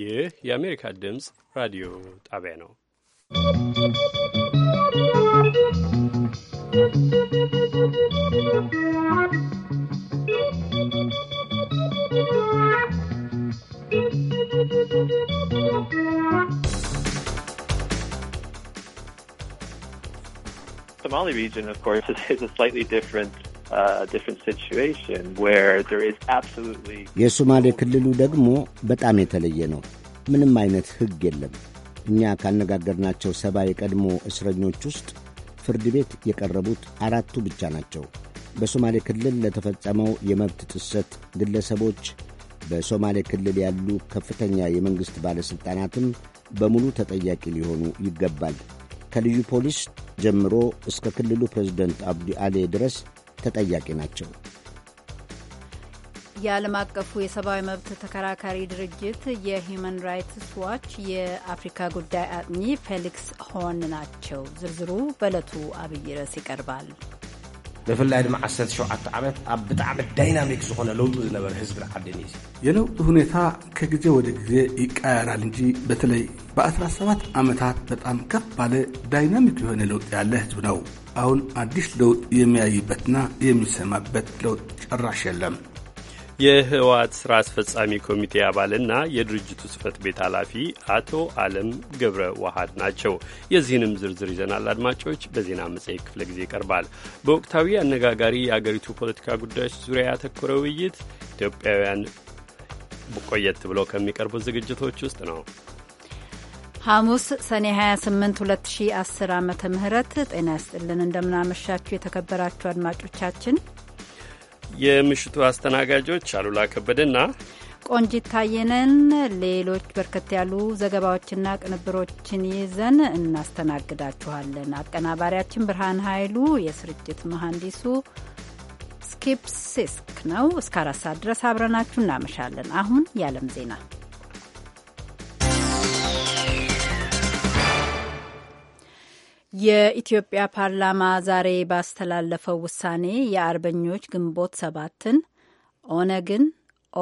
ይህ የአሜሪካ ድምፅ ራዲዮ ጣቢያ ነው። Somali region, of course, is a slightly different Uh, የሶማሌ ክልሉ ደግሞ በጣም የተለየ ነው። ምንም አይነት ሕግ የለም። እኛ ካነጋገርናቸው ሰባ የቀድሞ እስረኞች ውስጥ ፍርድ ቤት የቀረቡት አራቱ ብቻ ናቸው። በሶማሌ ክልል ለተፈጸመው የመብት ጥሰት ግለሰቦች፣ በሶማሌ ክልል ያሉ ከፍተኛ የመንግሥት ባለሥልጣናትም በሙሉ ተጠያቂ ሊሆኑ ይገባል። ከልዩ ፖሊስ ጀምሮ እስከ ክልሉ ፕሬዝደንት አብዲ አሌ ድረስ ተጠያቂ ናቸው። የዓለም አቀፉ የሰብአዊ መብት ተከራካሪ ድርጅት የሂዩማን ራይትስ ዋች የአፍሪካ ጉዳይ አጥኚ ፌሊክስ ሆን ናቸው። ዝርዝሩ በዕለቱ አብይ ርዕስ ይቀርባል። ብፍላይ ድማ 17 ዓመት ኣብ ብጣዕሚ ዳይናሚክ ዝኾነ ለውጢ ዝነበረ ህዝቢ ዓደን እዩ የለውጢ ሁኔታ ከግዜ ወደ ግዜ ይቀያራል እንጂ በተለይ በ17 ዓመታት በጣም ከፍ ባለ ዳይናሚክ የሆነ ለውጥ ያለ ህዝብ ነው። አሁን አዲስ ለውጥ የሚያይበትና የሚሰማበት ለውጥ ጭራሽ የለም። የህወሓት ስራ አስፈጻሚ ኮሚቴ አባልና የድርጅቱ ጽህፈት ቤት ኃላፊ አቶ አለም ገብረ ዋሃድ ናቸው። የዚህንም ዝርዝር ይዘናል አድማጮች፣ በዜና መጽሔት ክፍለ ጊዜ ይቀርባል። በወቅታዊ አነጋጋሪ የአገሪቱ ፖለቲካ ጉዳዮች ዙሪያ ያተኮረ ውይይት ኢትዮጵያውያን ቆየት ብለው ከሚቀርቡ ዝግጅቶች ውስጥ ነው። ሐሙስ ሰኔ 28 2010 ዓ ም ጤና ያስጥልን እንደምናመሻችሁ የተከበራችሁ አድማጮቻችን የምሽቱ አስተናጋጆች አሉላ ከበደና ቆንጂት ታየነን ሌሎች በርከት ያሉ ዘገባዎችና ቅንብሮችን ይዘን እናስተናግዳችኋለን። አቀናባሪያችን ብርሃን ኃይሉ፣ የስርጭት መሐንዲሱ ስኪፕ ሲስክ ነው። እስከ አራት ሰዓት ድረስ አብረናችሁ እናመሻለን። አሁን የዓለም ዜና የኢትዮጵያ ፓርላማ ዛሬ ባስተላለፈው ውሳኔ የአርበኞች ግንቦት ሰባትን፣ ኦነግን፣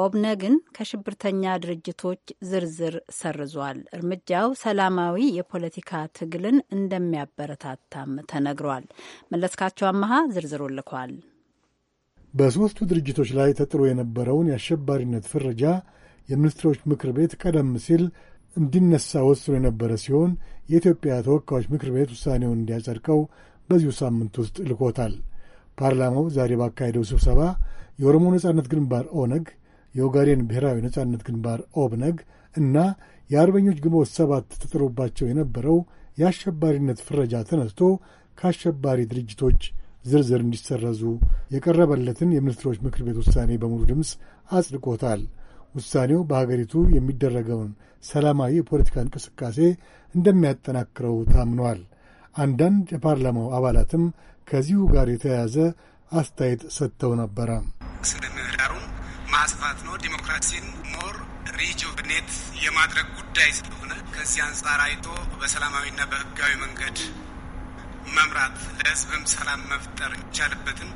ኦብነግን ከሽብርተኛ ድርጅቶች ዝርዝር ሰርዟል። እርምጃው ሰላማዊ የፖለቲካ ትግልን እንደሚያበረታታም ተነግሯል። መለስካቸው አመሃ ዝርዝሩ ልኳል። በሦስቱ ድርጅቶች ላይ ተጥሎ የነበረውን የአሸባሪነት ፍረጃ የሚኒስትሮች ምክር ቤት ቀደም ሲል እንዲነሳ ወስኖ የነበረ ሲሆን የኢትዮጵያ ተወካዮች ምክር ቤት ውሳኔውን እንዲያጸድቀው በዚሁ ሳምንት ውስጥ ልኮታል። ፓርላማው ዛሬ ባካሄደው ስብሰባ የኦሮሞ ነጻነት ግንባር ኦነግ፣ የኦጋዴን ብሔራዊ ነጻነት ግንባር ኦብነግ እና የአርበኞች ግንቦት ሰባት ተጥሎባቸው የነበረው የአሸባሪነት ፍረጃ ተነስቶ ከአሸባሪ ድርጅቶች ዝርዝር እንዲሰረዙ የቀረበለትን የሚኒስትሮች ምክር ቤት ውሳኔ በሙሉ ድምፅ አጽድቆታል። ውሳኔው በሀገሪቱ የሚደረገውን ሰላማዊ የፖለቲካ እንቅስቃሴ እንደሚያጠናክረው ታምኗል። አንዳንድ የፓርላማው አባላትም ከዚሁ ጋር የተያያዘ አስተያየት ሰጥተው ነበረ። ስነ ምህዳሩን ማስፋት ነው፣ ዲሞክራሲን ሞር ሪጁቭኔት የማድረግ ጉዳይ ስለሆነ ከዚህ አንጻር አይቶ በሰላማዊና በህጋዊ መንገድ መምራት ለህዝብም ሰላም መፍጠር የሚቻልበትን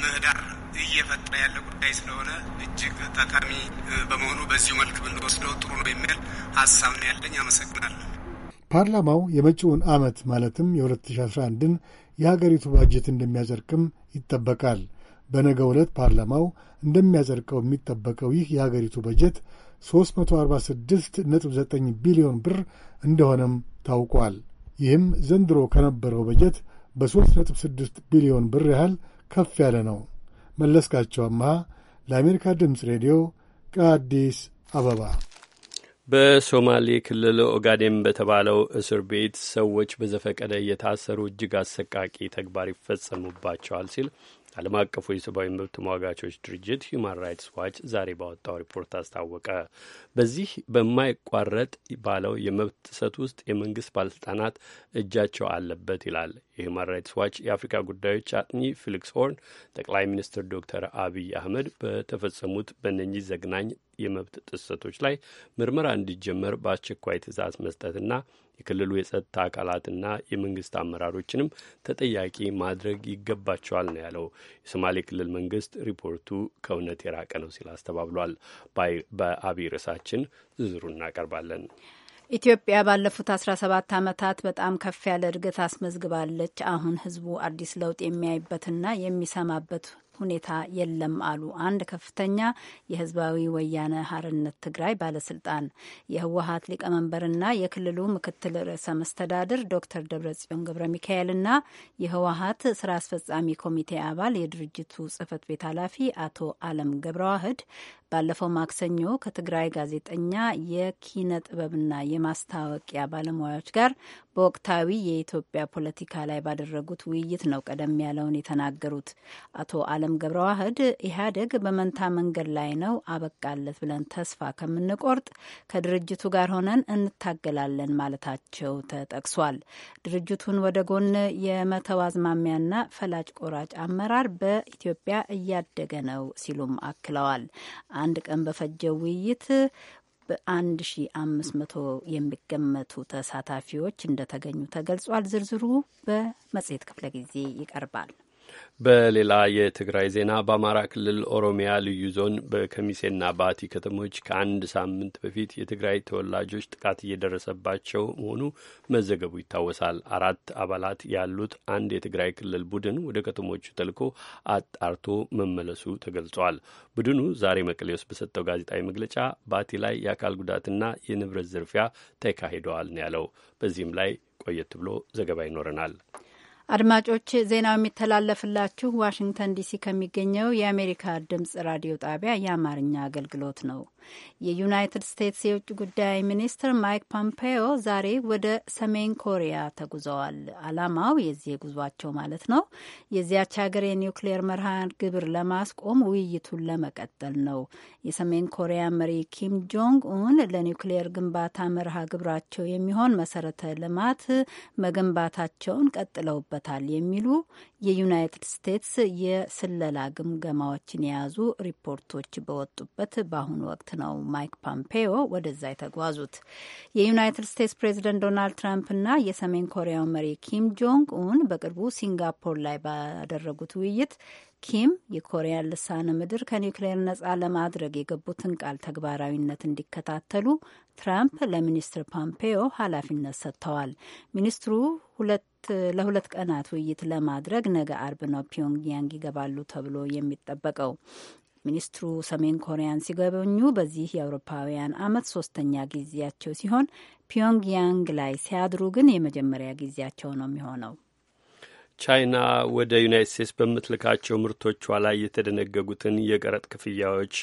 ምህዳር እየፈጠረ ያለ ጉዳይ ስለሆነ እጅግ ጠቃሚ በመሆኑ በዚሁ መልክ ብንወስደው ጥሩ ነው የሚል ሀሳብ ነው ያለኝ። አመሰግናለሁ። ፓርላማው የመጪውን ዓመት ማለትም የ2011ን የሀገሪቱ ባጀት እንደሚያጸድቅም ይጠበቃል። በነገ ዕለት ፓርላማው እንደሚያጸድቀው የሚጠበቀው ይህ የሀገሪቱ በጀት 346.9 ቢሊዮን ብር እንደሆነም ታውቋል። ይህም ዘንድሮ ከነበረው በጀት በ3.6 ቢሊዮን ብር ያህል ከፍ ያለ ነው። መለስካቸው አመሃ ለአሜሪካ ድምፅ ሬዲዮ ከአዲስ አበባ በሶማሌ ክልል ኦጋዴን በተባለው እስር ቤት ሰዎች በዘፈቀደ እየታሰሩ እጅግ አሰቃቂ ተግባር ይፈጸሙባቸዋል ሲል ዓለም አቀፉ የሰብአዊ መብት ተሟጋቾች ድርጅት ሁማን ራይትስ ዋች ዛሬ ባወጣው ሪፖርት አስታወቀ። በዚህ በማይቋረጥ ባለው የመብት ጥሰት ውስጥ የመንግስት ባለስልጣናት እጃቸው አለበት ይላል። የሁማን ራይትስ ዋች የአፍሪካ ጉዳዮች አጥኚ ፊሊክስ ሆርን ጠቅላይ ሚኒስትር ዶክተር አብይ አህመድ በተፈጸሙት በእነኚህ ዘግናኝ የመብት ጥሰቶች ላይ ምርመራ እንዲጀመር በአስቸኳይ ትእዛዝ መስጠትና የክልሉ የጸጥታ አካላትና የመንግስት አመራሮችንም ተጠያቂ ማድረግ ይገባቸዋል ነው ያለው። የሶማሌ ክልል መንግስት ሪፖርቱ ከእውነት የራቀ ነው ሲል አስተባብሏል። በአብይ ርዕሳችን ዝርዝሩ እናቀርባለን። ኢትዮጵያ ባለፉት 17 ዓመታት በጣም ከፍ ያለ እድገት አስመዝግባለች። አሁን ህዝቡ አዲስ ለውጥ የሚያይበትና የሚሰማበት ሁኔታ የለም አሉ አንድ ከፍተኛ የህዝባዊ ወያነ ሀርነት ትግራይ ባለስልጣን። የህወሀት ሊቀመንበርና የክልሉ ምክትል ርዕሰ መስተዳድር ዶክተር ደብረጽዮን ገብረ ሚካኤልና የህወሀት ስራ አስፈጻሚ ኮሚቴ አባል የድርጅቱ ጽህፈት ቤት ኃላፊ አቶ አለም ገብረዋህድ ባለፈው ማክሰኞ ከትግራይ ጋዜጠኛ የኪነ ጥበብና የማስታወቂያ ባለሙያዎች ጋር በወቅታዊ የኢትዮጵያ ፖለቲካ ላይ ባደረጉት ውይይት ነው ቀደም ያለውን የተናገሩት። አቶ አለም ገብረዋህድ ኢህአዴግ በመንታ መንገድ ላይ ነው፣ አበቃለት ብለን ተስፋ ከምንቆርጥ ከድርጅቱ ጋር ሆነን እንታገላለን ማለታቸው ተጠቅሷል። ድርጅቱን ወደ ጎን የመተው አዝማሚያና ፈላጭ ቆራጭ አመራር በኢትዮጵያ እያደገ ነው ሲሉም አክለዋል። አንድ ቀን በፈጀው ውይይት በ መቶ የሚገመቱ ተሳታፊዎች እንደተገኙ ተገልጿል። ዝርዝሩ በመጽሔት ክፍለ ጊዜ ይቀርባል። በሌላ የትግራይ ዜና በአማራ ክልል ኦሮሚያ ልዩ ዞን በከሚሴና ባቲ ከተሞች ከአንድ ሳምንት በፊት የትግራይ ተወላጆች ጥቃት እየደረሰባቸው መሆኑ መዘገቡ ይታወሳል። አራት አባላት ያሉት አንድ የትግራይ ክልል ቡድን ወደ ከተሞቹ ተልኮ አጣርቶ መመለሱ ተገልጿል። ቡድኑ ዛሬ መቀሌ ውስጥ በሰጠው ጋዜጣዊ መግለጫ ባቲ ላይ የአካል ጉዳትና የንብረት ዝርፊያ ተካሂደዋል ነው ያለው። በዚህም ላይ ቆየት ብሎ ዘገባ ይኖረናል። አድማጮች ዜናው የሚተላለፍላችሁ ዋሽንግተን ዲሲ ከሚገኘው የአሜሪካ ድምጽ ራዲዮ ጣቢያ የአማርኛ አገልግሎት ነው። የዩናይትድ ስቴትስ የውጭ ጉዳይ ሚኒስትር ማይክ ፖምፔዮ ዛሬ ወደ ሰሜን ኮሪያ ተጉዘዋል። ዓላማው የዚህ የጉዟቸው ማለት ነው የዚያች ሀገር የኒውክሌር መርሃ ግብር ለማስቆም ውይይቱን ለመቀጠል ነው። የሰሜን ኮሪያ መሪ ኪም ጆንግ ኡን ለኒውክሌር ግንባታ መርሃ ግብራቸው የሚሆን መሰረተ ልማት መገንባታቸውን ቀጥለውበት ይገባበታል የሚሉ የዩናይትድ ስቴትስ የስለላ ግምገማዎችን የያዙ ሪፖርቶች በወጡበት በአሁኑ ወቅት ነው ማይክ ፖምፔዮ ወደዛ የተጓዙት። የዩናይትድ ስቴትስ ፕሬዚደንት ዶናልድ ትራምፕና የሰሜን ኮሪያው መሪ ኪም ጆንግ ኡን በቅርቡ ሲንጋፖር ላይ ባደረጉት ውይይት ኪም የኮሪያን ልሳነ ምድር ከኒውክሌር ነጻ ለማድረግ የገቡትን ቃል ተግባራዊነት እንዲከታተሉ ትራምፕ ለሚኒስትር ፖምፔዮ ኃላፊነት ሰጥተዋል። ሚኒስትሩ ሁለት ለሁለት ቀናት ውይይት ለማድረግ ነገ አርብ ነው ፒዮንግያንግ ይገባሉ ተብሎ የሚጠበቀው። ሚኒስትሩ ሰሜን ኮሪያን ሲጎበኙ በዚህ የአውሮፓውያን አመት ሶስተኛ ጊዜያቸው ሲሆን ፒዮንግያንግ ላይ ሲያድሩ ግን የመጀመሪያ ጊዜያቸው ነው የሚሆነው። ቻይና ወደ ዩናይት ስቴትስ በምትልካቸው ምርቶቿ ላይ የተደነገጉትን የቀረጥ ክፍያዎች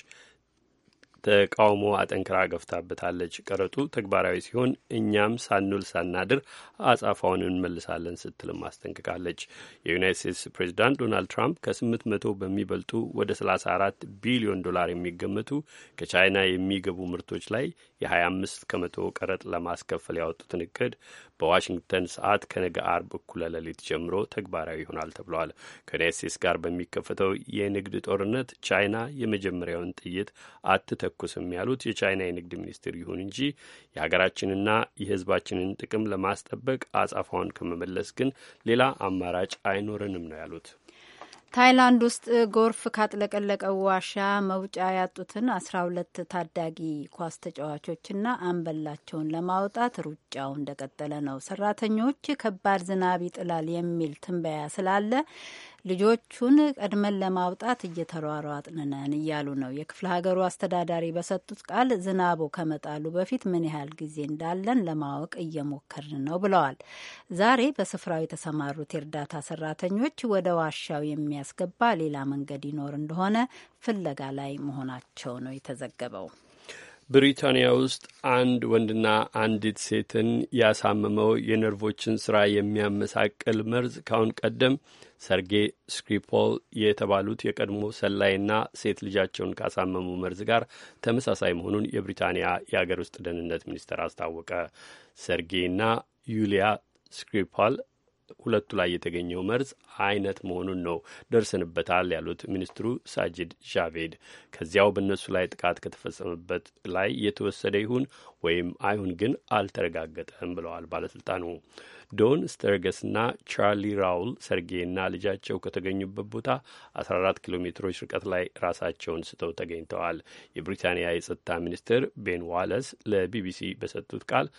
ተቃውሞ አጠንክራ ገፍታበታለች። ቀረጡ ተግባራዊ ሲሆን እኛም ሳንውል ሳናድር አጻፋውን እንመልሳለን ስትልም አስጠንቅቃለች። የዩናይት ስቴትስ ፕሬዚዳንት ዶናልድ ትራምፕ ከስምንት መቶ በሚበልጡ ወደ 34 ቢሊዮን ዶላር የሚገመቱ ከቻይና የሚገቡ ምርቶች ላይ የ25 ከመቶ ቀረጥ ለማስከፈል ያወጡትን እቅድ በዋሽንግተን ሰዓት ከነገ አርብ እኩለ ሌሊት ጀምሮ ተግባራዊ ይሆናል ተብለዋል። ከዩናይት ስቴትስ ጋር በሚከፈተው የንግድ ጦርነት ቻይና የመጀመሪያውን ጥይት አትተኩስም ያሉት የቻይና የንግድ ሚኒስትር፣ ይሁን እንጂ የሀገራችንና የሕዝባችንን ጥቅም ለማስጠበቅ አጻፋውን ከመመለስ ግን ሌላ አማራጭ አይኖረንም ነው ያሉት። ታይላንድ ውስጥ ጎርፍ ካጥለቀለቀው ዋሻ መውጫ ያጡትን አስራ ሁለት ታዳጊ ኳስ ተጫዋቾችና አንበላቸውን ለማውጣት ሩጫው እንደቀጠለ ነው። ሰራተኞች ከባድ ዝናብ ይጥላል የሚል ትንበያ ስላለ ልጆቹን ቀድመን ለማውጣት እየተሯሯጥን ነን እያሉ ነው። የክፍለ ሀገሩ አስተዳዳሪ በሰጡት ቃል ዝናቡ ከመጣሉ በፊት ምን ያህል ጊዜ እንዳለን ለማወቅ እየሞከርን ነው ብለዋል። ዛሬ በስፍራው የተሰማሩት የእርዳታ ሰራተኞች ወደ ዋሻው የሚያስገባ ሌላ መንገድ ይኖር እንደሆነ ፍለጋ ላይ መሆናቸው ነው የተዘገበው። ብሪታንያ ውስጥ አንድ ወንድና አንዲት ሴትን ያሳመመው የነርቮችን ስራ የሚያመሳቅል መርዝ ካሁን ቀደም ሰርጌ ስክሪፖል የተባሉት የቀድሞ ሰላይና ሴት ልጃቸውን ካሳመሙ መርዝ ጋር ተመሳሳይ መሆኑን የብሪታንያ የአገር ውስጥ ደህንነት ሚኒስቴር አስታወቀ። ሰርጌና ዩሊያ ስክሪፖል ሁለቱ ላይ የተገኘው መርዝ አይነት መሆኑን ነው ደርሰንበታል ያሉት ሚኒስትሩ ሳጅድ ዣቬድ። ከዚያው በእነሱ ላይ ጥቃት ከተፈጸመበት ላይ የተወሰደ ይሁን ወይም አይሁን ግን አልተረጋገጠም ብለዋል ባለስልጣኑ። ዶን ስተርገስና ቻርሊ ራውል ሰርጌይና ልጃቸው ከተገኙበት ቦታ 14 ኪሎ ሜትሮች ርቀት ላይ ራሳቸውን ስተው ተገኝተዋል። የብሪታንያ የጸጥታ ሚኒስትር ቤን ዋለስ ለቢቢሲ በሰጡት ቃል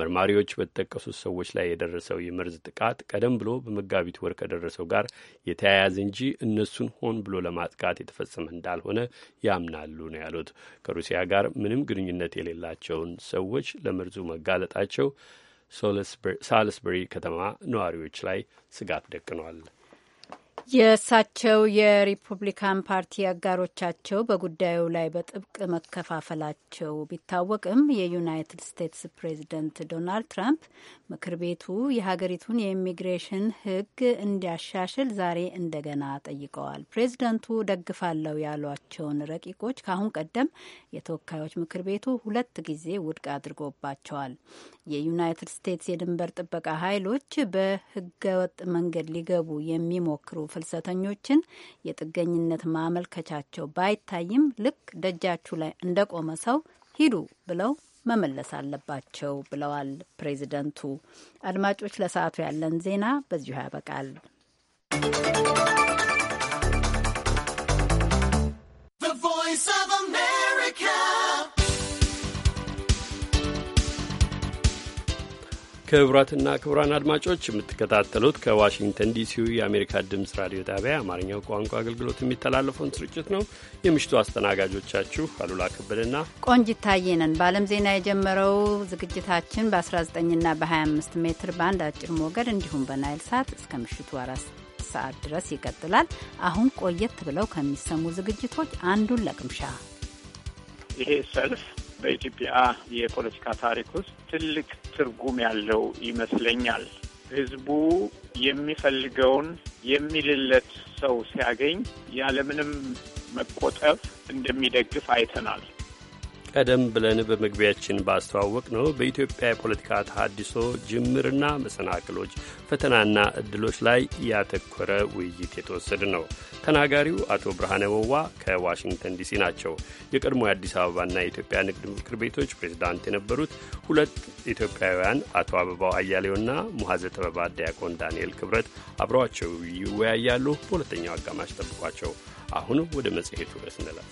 መርማሪዎች በተጠቀሱት ሰዎች ላይ የደረሰው የመርዝ ጥቃት ቀደም ብሎ በመጋቢት ወር ከደረሰው ጋር የተያያዘ እንጂ እነሱን ሆን ብሎ ለማጥቃት የተፈጸመ እንዳልሆነ ያምናሉ ነው ያሉት። ከሩሲያ ጋር ምንም ግንኙነት የሌላቸውን ሰዎች ለመርዙ መጋለጣቸው ሳልስበሪ ከተማ ነዋሪዎች ላይ ስጋት ደቅኗል። የእሳቸው የሪፑብሊካን ፓርቲ አጋሮቻቸው በጉዳዩ ላይ በጥብቅ መከፋፈላቸው ቢታወቅም የዩናይትድ ስቴትስ ፕሬዚደንት ዶናልድ ትራምፕ ምክር ቤቱ የሀገሪቱን የኢሚግሬሽን ሕግ እንዲያሻሽል ዛሬ እንደገና ጠይቀዋል። ፕሬዚደንቱ ደግፋለሁ ያሏቸውን ረቂቆች ከአሁን ቀደም የተወካዮች ምክር ቤቱ ሁለት ጊዜ ውድቅ አድርጎባቸዋል። የዩናይትድ ስቴትስ የድንበር ጥበቃ ኃይሎች በህገወጥ መንገድ ሊገቡ የሚሞክሩ ፍልሰተኞችን የጥገኝነት ማመልከቻቸው ባይታይም ልክ ደጃችሁ ላይ እንደቆመ ሰው ሂዱ ብለው መመለስ አለባቸው ብለዋል ፕሬዚደንቱ። አድማጮች፣ ለሰዓቱ ያለን ዜና በዚሁ ያበቃል። ክቡራትና ክቡራን አድማጮች የምትከታተሉት ከዋሽንግተን ዲሲው የአሜሪካ ድምፅ ራዲዮ ጣቢያ የአማርኛው ቋንቋ አገልግሎት የሚተላለፈውን ስርጭት ነው። የምሽቱ አስተናጋጆቻችሁ አሉላ ክብልና ቆንጂት ታዬ በዓለም ዜና የጀመረው ዝግጅታችን በ19ና በ25 ሜትር ባንድ አጭር ሞገድ እንዲሁም በናይል ሳት እስከ ምሽቱ አራት ሰዓት ድረስ ይቀጥላል። አሁን ቆየት ብለው ከሚሰሙ ዝግጅቶች አንዱን ለቅምሻ ይሄ ሰልፍ በኢትዮጵያ የፖለቲካ ታሪክ ውስጥ ትልቅ ትርጉም ያለው ይመስለኛል። ህዝቡ የሚፈልገውን የሚልለት ሰው ሲያገኝ ያለምንም መቆጠብ እንደሚደግፍ አይተናል። ቀደም ብለን በመግቢያችን ባስተዋወቅ ነው በኢትዮጵያ የፖለቲካ ተሃድሶ ጅምርና መሰናክሎች፣ ፈተናና እድሎች ላይ ያተኮረ ውይይት የተወሰደ ነው። ተናጋሪው አቶ ብርሃነ ወዋ ከዋሽንግተን ዲሲ ናቸው። የቀድሞ የአዲስ አበባና የኢትዮጵያ ንግድ ምክር ቤቶች ፕሬዚዳንት የነበሩት ሁለት ኢትዮጵያውያን አቶ አበባው አያሌውና ሙሐዘ ጥበባት ዲያቆን ዳንኤል ክብረት አብረዋቸው ይወያያሉ። በሁለተኛው አጋማሽ ጠብቋቸው። አሁን ወደ መጽሔቱ ርዕስ እንለፍ።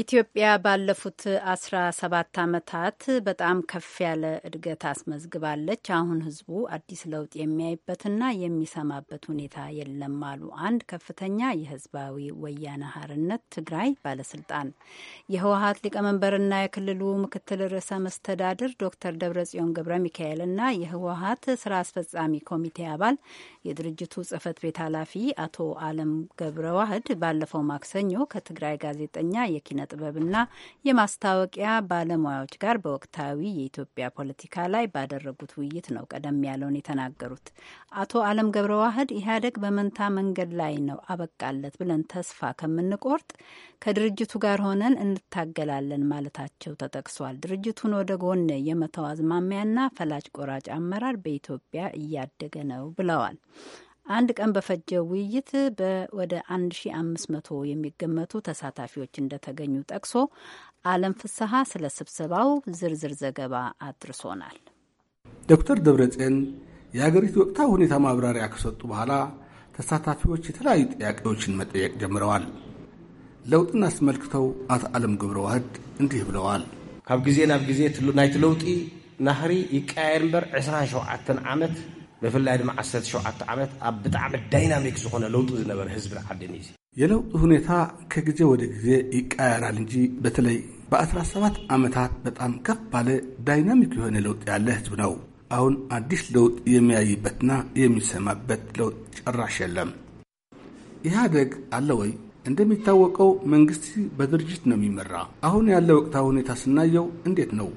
ኢትዮጵያ ባለፉት አስራ ሰባት ዓመታት በጣም ከፍ ያለ እድገት አስመዝግባለች። አሁን ህዝቡ አዲስ ለውጥ የሚያይበትና የሚሰማበት ሁኔታ የለም አሉ አንድ ከፍተኛ የህዝባዊ ወያነ ሀርነት ትግራይ ባለስልጣን። የህወሀት ሊቀመንበርና የክልሉ ምክትል ርዕሰ መስተዳድር ዶክተር ደብረጽዮን ገብረ ሚካኤልና የህወሀት ስራ አስፈጻሚ ኮሚቴ አባል የድርጅቱ ጽህፈት ቤት ኃላፊ አቶ አለም ገብረ ዋህድ ባለፈው ማክሰኞ ከትግራይ ጋዜጠኛ የኪነ ጥበብና የማስታወቂያ ባለሙያዎች ጋር በወቅታዊ የኢትዮጵያ ፖለቲካ ላይ ባደረጉት ውይይት ነው ቀደም ያለውን የተናገሩት። አቶ አለም ገብረ ዋህድ ኢህአዴግ በመንታ መንገድ ላይ ነው አበቃለት ብለን ተስፋ ከምንቆርጥ ከድርጅቱ ጋር ሆነን እንታገላለን ማለታቸው ተጠቅሷል። ድርጅቱን ወደ ጎን የመተው አዝማሚያና ፈላጭ ቆራጭ አመራር በኢትዮጵያ እያደገ ነው ብለዋል። አንድ ቀን በፈጀው ውይይት ወደ 1500 የሚገመቱ ተሳታፊዎች እንደተገኙ ጠቅሶ አለም ፍስሐ ስለ ስብሰባው ዝርዝር ዘገባ አድርሶናል። ዶክተር ደብረጽዮን የአገሪቱ ወቅታዊ ሁኔታ ማብራሪያ ከሰጡ በኋላ ተሳታፊዎች የተለያዩ ጥያቄዎችን መጠየቅ ጀምረዋል። ለውጥን አስመልክተው አቶ አለም ግብረ ዋህድ እንዲህ ብለዋል። ካብ ጊዜ ናብ ጊዜ ናይቲ ለውጢ ናህሪ ይቀያየር እምበር 27 ዓመት ብፍላይ ድማ 17 ዓመት ኣብ ብጣዕሚ ዳይናሚክ ዝኾነ ለውጢ ዝነበረ ህዝቢ ዓድን እዩ የለውጡ ሁኔታ ከግዜ ወደ ግዜ ይቀያራል እንጂ በተለይ በ17 ዓመታት በጣም ከፍ ባለ ዳይናሚክ የሆነ ለውጥ ያለ ህዝብ ነው። አሁን አዲስ ለውጥ የሚያይበትና የሚሰማበት ለውጥ ጭራሽ የለም። ኢህአደግ አለ ወይ? እንደሚታወቀው መንግስት በድርጅት ነው የሚመራ። አሁን ያለ ወቅታዊ ሁኔታ ስናየው እንዴት ነው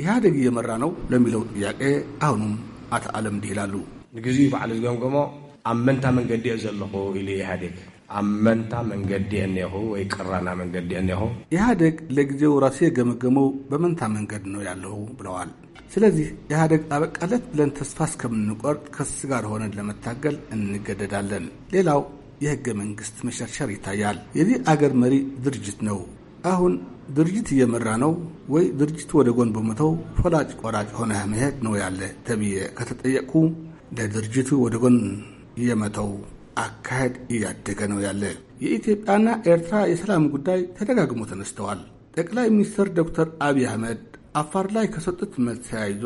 ኢህአደግ እየመራ ነው ለሚለው ጥያቄ አሁኑም ኣተኣለም ድሂላሉ ንግዚኡ በዕሉ ዝገምገሞ ኣብ መንታ መንገዲ እየ ዘለኹ ኢሉ ኢህደግ ኣብ መንታ መንገዲ እኒኹ ወይ ቅራና መንገዲ እኒኹ ኢሃደግ ለግዜው ራሱ የገመገመው በመንታ መንገዲ ነው ያለሁ ብለዋል። ስለዚህ ኢህደግ አበቃለት ብለን ተስፋ እስከምንቆርጥ ከስ ጋር ሆነን ለመታገል እንገደዳለን። ሌላው የህገ መንግስት መሸርሸር ይታያል። የዚህ አገር መሪ ድርጅት ነው አሁን ድርጅት እየመራ ነው ወይ ድርጅት ወደ ጎን በመተው ፈላጭ ቆራጭ ሆነ መሄድ ነው ያለ ተብዬ ከተጠየቁ ለድርጅቱ ወደ ጎን እየመተው አካሄድ እያደገ ነው ያለ። የኢትዮጵያና ኤርትራ የሰላም ጉዳይ ተደጋግሞ ተነስተዋል። ጠቅላይ ሚኒስትር ዶክተር አብይ አህመድ አፋር ላይ ከሰጡት መልስ ተያይዞ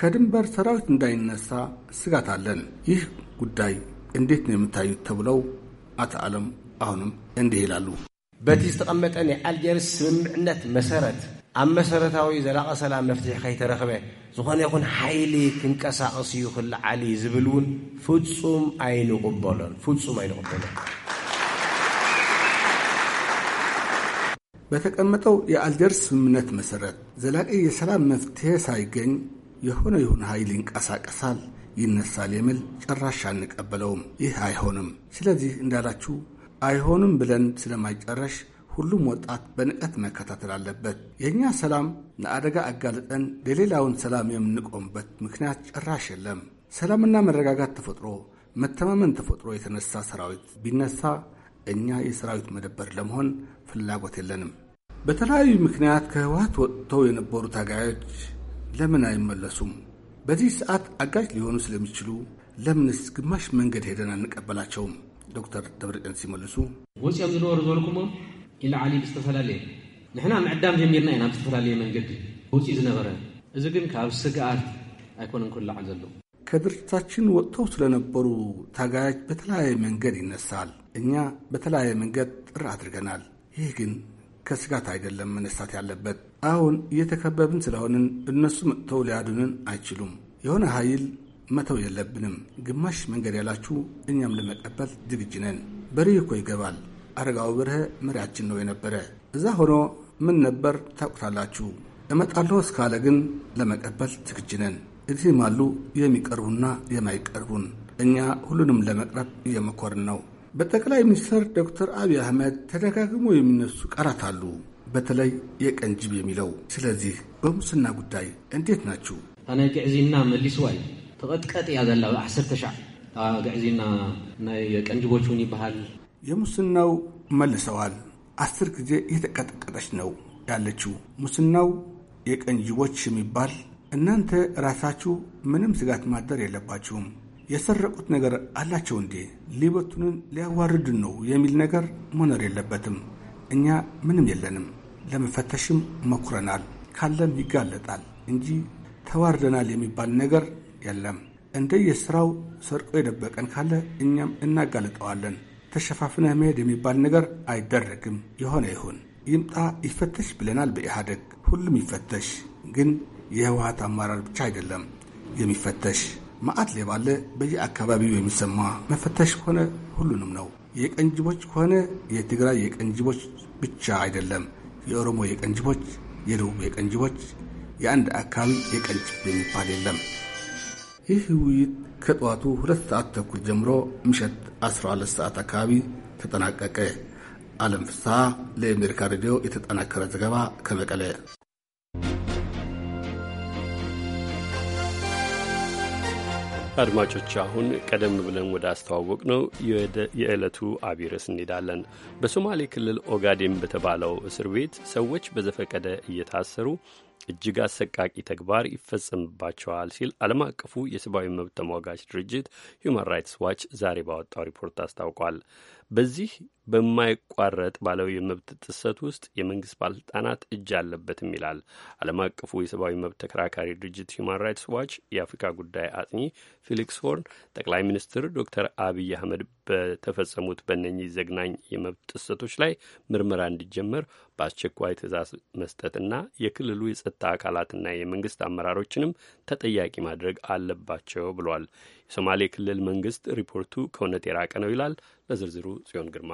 ከድንበር ሰራዊት እንዳይነሳ ስጋት አለን። ይህ ጉዳይ እንዴት ነው የምታዩት? ተብለው አቶ አሁንም እንዲህ ይላሉ። በቲ ዝተቐመጠ ናይ ኣልጀርስ ስምምዕነት መሰረት ኣብ መሰረታዊ ዘላቐ ሰላም መፍትሒ ከይተረኽበ ዝኾነ ይኹን ሓይሊ ክንቀሳቐስ እዩ ክላዓሊ ዝብል እውን ፍፁም ኣይንቕበሎን ፍፁም ኣይንቕበሎን በተቀመጠው የአልጀርስ ስምምነት መሰረት ዘላቂ የሰላም መፍትሄ ሳይገኝ የሆነ ይሁን ኃይል ይንቀሳቀሳል ይነሳል የምል ጭራሽ አንቀበለውም። ይህ አይሆንም። ስለዚህ እንዳላችሁ አይሆንም ብለን ስለማይጨረሽ ሁሉም ወጣት በንቀት መከታተል አለበት። የእኛ ሰላም ለአደጋ አጋልጠን ለሌላውን ሰላም የምንቆምበት ምክንያት ጭራሽ የለም። ሰላምና መረጋጋት ተፈጥሮ መተማመን ተፈጥሮ የተነሳ ሰራዊት ቢነሳ እኛ የሰራዊት መደበር ለመሆን ፍላጎት የለንም። በተለያዩ ምክንያት ከህወሀት ወጥተው የነበሩ ታጋዮች ለምን አይመለሱም? በዚህ ሰዓት አጋጅ ሊሆኑ ስለሚችሉ ለምንስ ግማሽ መንገድ ሄደን አንቀበላቸውም? ዶክተር ደብረፅዮን ሲመልሱ ወፂኦም ዝነበሩ ዝበልኩሞ ኢላዓሊ ብዝተፈላለየ ንሕና ምዕዳም ጀሚርና ኢና ብዝተፈላለየ መንገዲ ወፂኡ ዝነበረ እዚ ግን ካብ ስግኣት ኣይኮነን ክላዓል ዘሎ ከድርጅታችን ወጥተው ስለነበሩ ታጋያጅ በተለያየ መንገድ ይነሳል። እኛ በተለያየ መንገድ ጥር አድርገናል። ይህ ግን ከስጋት አይደለም መነሳት ያለበት። አሁን እየተከበብን ስለሆንን እነሱ መጥተው ሊያዱንን አይችሉም። የሆነ ኃይል መተው የለብንም። ግማሽ መንገድ ያላችሁ እኛም ለመቀበል ዝግጅ ነን። በሬ እኮ ይገባል። አረጋው ብርህ መሪያችን ነው የነበረ። እዛ ሆኖ ምን ነበር ታውቁታላችሁ። እመጣለሁ እስካለ ግን ለመቀበል ዝግጅ ነን። እዚህም አሉ የሚቀርቡና የማይቀርቡን። እኛ ሁሉንም ለመቅረብ እየመኮርን ነው። በጠቅላይ ሚኒስትር ዶክተር አብይ አህመድ ተደጋግሞ የሚነሱ ቃላት አሉ። በተለይ የቀን ጅብ የሚለው። ስለዚህ በሙስና ጉዳይ እንዴት ናችሁ? ታናቂ ዕዚና መሊስዋ እዩ ተቐጥቀጥ እያ ዘላ ዓሰርተ ሸዓ ግዕዚና ናይ ቀንጅቦች እውን ይበሃል የሙስናው መልሰዋል። አስር ጊዜ እየተቀጠቀጠች ነው ያለችው። ሙስናው የቀንጅቦች የሚባል እናንተ ራሳችሁ ምንም ስጋት ማደር የለባችሁም። የሰረቁት ነገር አላቸው እንዴ ሊበቱንን ሊያዋርድን ነው የሚል ነገር መኖር የለበትም። እኛ ምንም የለንም። ለመፈተሽም መኩረናል፣ ካለም ይጋለጣል እንጂ ተዋርደናል የሚባል ነገር የለም። የስራው ሰርቆ የደበቀን ካለ እኛም እናጋልጠዋለን። ተሸፋፍነ መሄድ የሚባል ነገር አይደረግም። የሆነ ይሁን ይምጣ ይፈተሽ ብለናል። በኢህአደግ ሁሉም ይፈተሽ፣ ግን የህወሀት አመራር ብቻ አይደለም የሚፈተሽ። ማአት ሌባ አለ በየአካባቢው የሚሰማ መፈተሽ ከሆነ ሁሉንም ነው። የቀንጅቦች ከሆነ የትግራይ የቀንጅቦች ብቻ አይደለም፣ የኦሮሞ የቀንጅቦች፣ የደቡብ የቀንጅቦች፣ የአንድ አካባቢ የቀንጅብ የሚባል የለም። ይህ ውይይት ከጠዋቱ ሁለት ሰዓት ተኩል ጀምሮ ምሸት 12 ሰዓት አካባቢ ተጠናቀቀ። አለም ፍስሐ ለአሜሪካ ሬዲዮ የተጠናከረ ዘገባ ከመቀለ። አድማጮች አሁን ቀደም ብለን ወደ አስተዋወቅ ነው የዕለቱ አብይ እንሄዳለን። በሶማሌ ክልል ኦጋዴን በተባለው እስር ቤት ሰዎች በዘፈቀደ እየታሰሩ እጅግ አሰቃቂ ተግባር ይፈጸምባቸዋል ሲል ዓለም አቀፉ የሰብአዊ መብት ተሟጋች ድርጅት ሁማን ራይትስ ዋች ዛሬ ባወጣው ሪፖርት አስታውቋል። በዚህ በማይቋረጥ ባለው የመብት ጥሰት ውስጥ የመንግስት ባለስልጣናት እጅ አለበትም ይላል ዓለም አቀፉ የሰብአዊ መብት ተከራካሪ ድርጅት ሂውማን ራይትስ ዋች የአፍሪካ ጉዳይ አጥኚ ፊሊክስ ሆርን ጠቅላይ ሚኒስትር ዶክተር አብይ አህመድ በተፈጸሙት በእነኚህ ዘግናኝ የመብት ጥሰቶች ላይ ምርመራ እንዲጀመር በአስቸኳይ ትእዛዝ መስጠትና የክልሉ የጸጥታ አካላትና የመንግስት አመራሮችንም ተጠያቂ ማድረግ አለባቸው ብሏል። የሶማሌ ክልል መንግስት ሪፖርቱ ከእውነት የራቀ ነው ይላል። ለዝርዝሩ ጽዮን ግርማ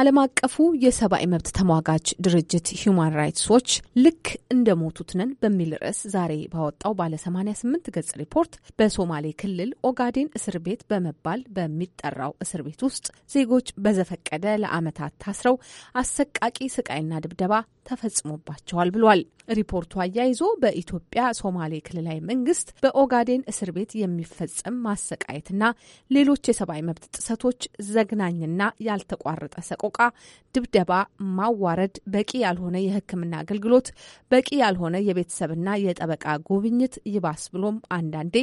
ዓለም አቀፉ የሰብአዊ መብት ተሟጋች ድርጅት ሂዩማን ራይትስ ዎች ልክ እንደ ሞቱት ነን በሚል ርዕስ ዛሬ ባወጣው ባለ 88 ገጽ ሪፖርት በሶማሌ ክልል ኦጋዴን እስር ቤት በመባል በሚጠራው እስር ቤት ውስጥ ዜጎች በዘፈቀደ ለዓመታት ታስረው አሰቃቂ ስቃይና ድብደባ ተፈጽሞባቸዋል ብሏል። ሪፖርቱ አያይዞ በኢትዮጵያ ሶማሌ ክልላዊ መንግስት በኦጋዴን እስር ቤት የሚፈጸም ማሰቃየትና ሌሎች የሰብአዊ መብት ጥሰቶች ዘግናኝና ያልተቋረጠ ሰቆቃ፣ ድብደባ፣ ማዋረድ፣ በቂ ያልሆነ የሕክምና አገልግሎት፣ በቂ ያልሆነ የቤተሰብና የጠበቃ ጉብኝት፣ ይባስ ብሎም አንዳንዴ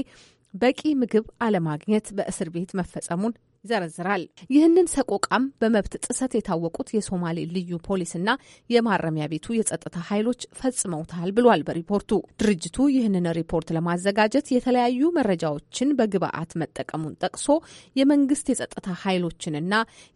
በቂ ምግብ አለማግኘት በእስር ቤት መፈጸሙን ይዘረዝራል። ይህንን ሰቆቃም በመብት ጥሰት የታወቁት የሶማሌ ልዩ ፖሊስና የማረሚያ ቤቱ የጸጥታ ኃይሎች ፈጽመውታል ብሏል በሪፖርቱ። ድርጅቱ ይህንን ሪፖርት ለማዘጋጀት የተለያዩ መረጃዎችን በግብአት መጠቀሙን ጠቅሶ የመንግስት የጸጥታ ኃይሎችንና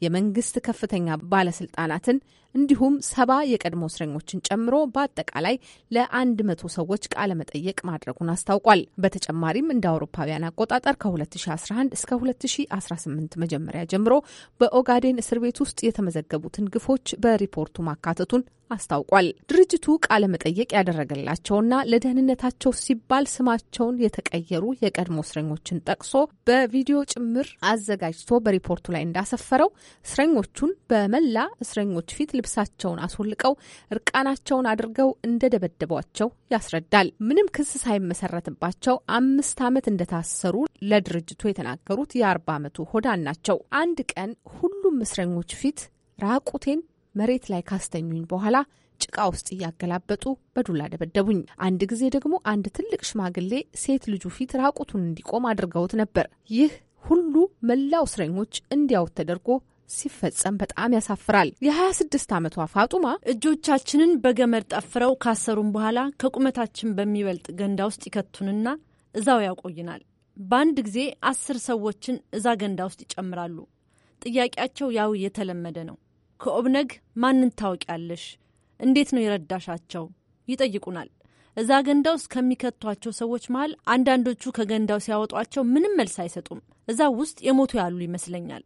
የመንግስት ከፍተኛ ባለስልጣናትን እንዲሁም ሰባ የቀድሞ እስረኞችን ጨምሮ በአጠቃላይ ለአንድ መቶ ሰዎች ቃለ መጠየቅ ማድረጉን አስታውቋል። በተጨማሪም እንደ አውሮፓውያን አቆጣጠር ከ2011 እስከ 2018 መጀመሪያ ጀምሮ በኦጋዴን እስር ቤት ውስጥ የተመዘገቡትን ግፎች በሪፖርቱ ማካተቱን አስታውቋል። ድርጅቱ ቃለ መጠየቅ ያደረገላቸውና ለደህንነታቸው ሲባል ስማቸውን የተቀየሩ የቀድሞ እስረኞችን ጠቅሶ በቪዲዮ ጭምር አዘጋጅቶ በሪፖርቱ ላይ እንዳሰፈረው እስረኞቹን በመላ እስረኞች ፊት ልብሳቸውን አስወልቀው እርቃናቸውን አድርገው እንደደበደቧቸው ያስረዳል። ምንም ክስ ሳይመሰረትባቸው አምስት ዓመት እንደታሰሩ ለድርጅቱ የተናገሩት የአርባ ዓመቱ ሆዳን ናቸው። አንድ ቀን ሁሉም እስረኞች ፊት ራቁቴን መሬት ላይ ካስተኙኝ በኋላ ጭቃ ውስጥ እያገላበጡ በዱላ ደበደቡኝ። አንድ ጊዜ ደግሞ አንድ ትልቅ ሽማግሌ ሴት ልጁ ፊት ራቁቱን እንዲቆም አድርገውት ነበር። ይህ ሁሉ መላው እስረኞች እንዲያውት ተደርጎ ሲፈጸም በጣም ያሳፍራል። የ26 ዓመቷ ፋጡማ እጆቻችንን በገመድ ጠፍረው ካሰሩን በኋላ ከቁመታችን በሚበልጥ ገንዳ ውስጥ ይከቱንና እዛው ያቆይናል። በአንድ ጊዜ አስር ሰዎችን እዛ ገንዳ ውስጥ ይጨምራሉ። ጥያቄያቸው ያው የተለመደ ነው። ከኦብነግ ማንን ታወቂያለሽ? እንዴት ነው የረዳሻቸው? ይጠይቁናል። እዛ ገንዳ ውስጥ ከሚከቷቸው ሰዎች መሀል አንዳንዶቹ ከገንዳው ሲያወጧቸው ምንም መልስ አይሰጡም። እዛ ውስጥ የሞቱ ያሉ ይመስለኛል።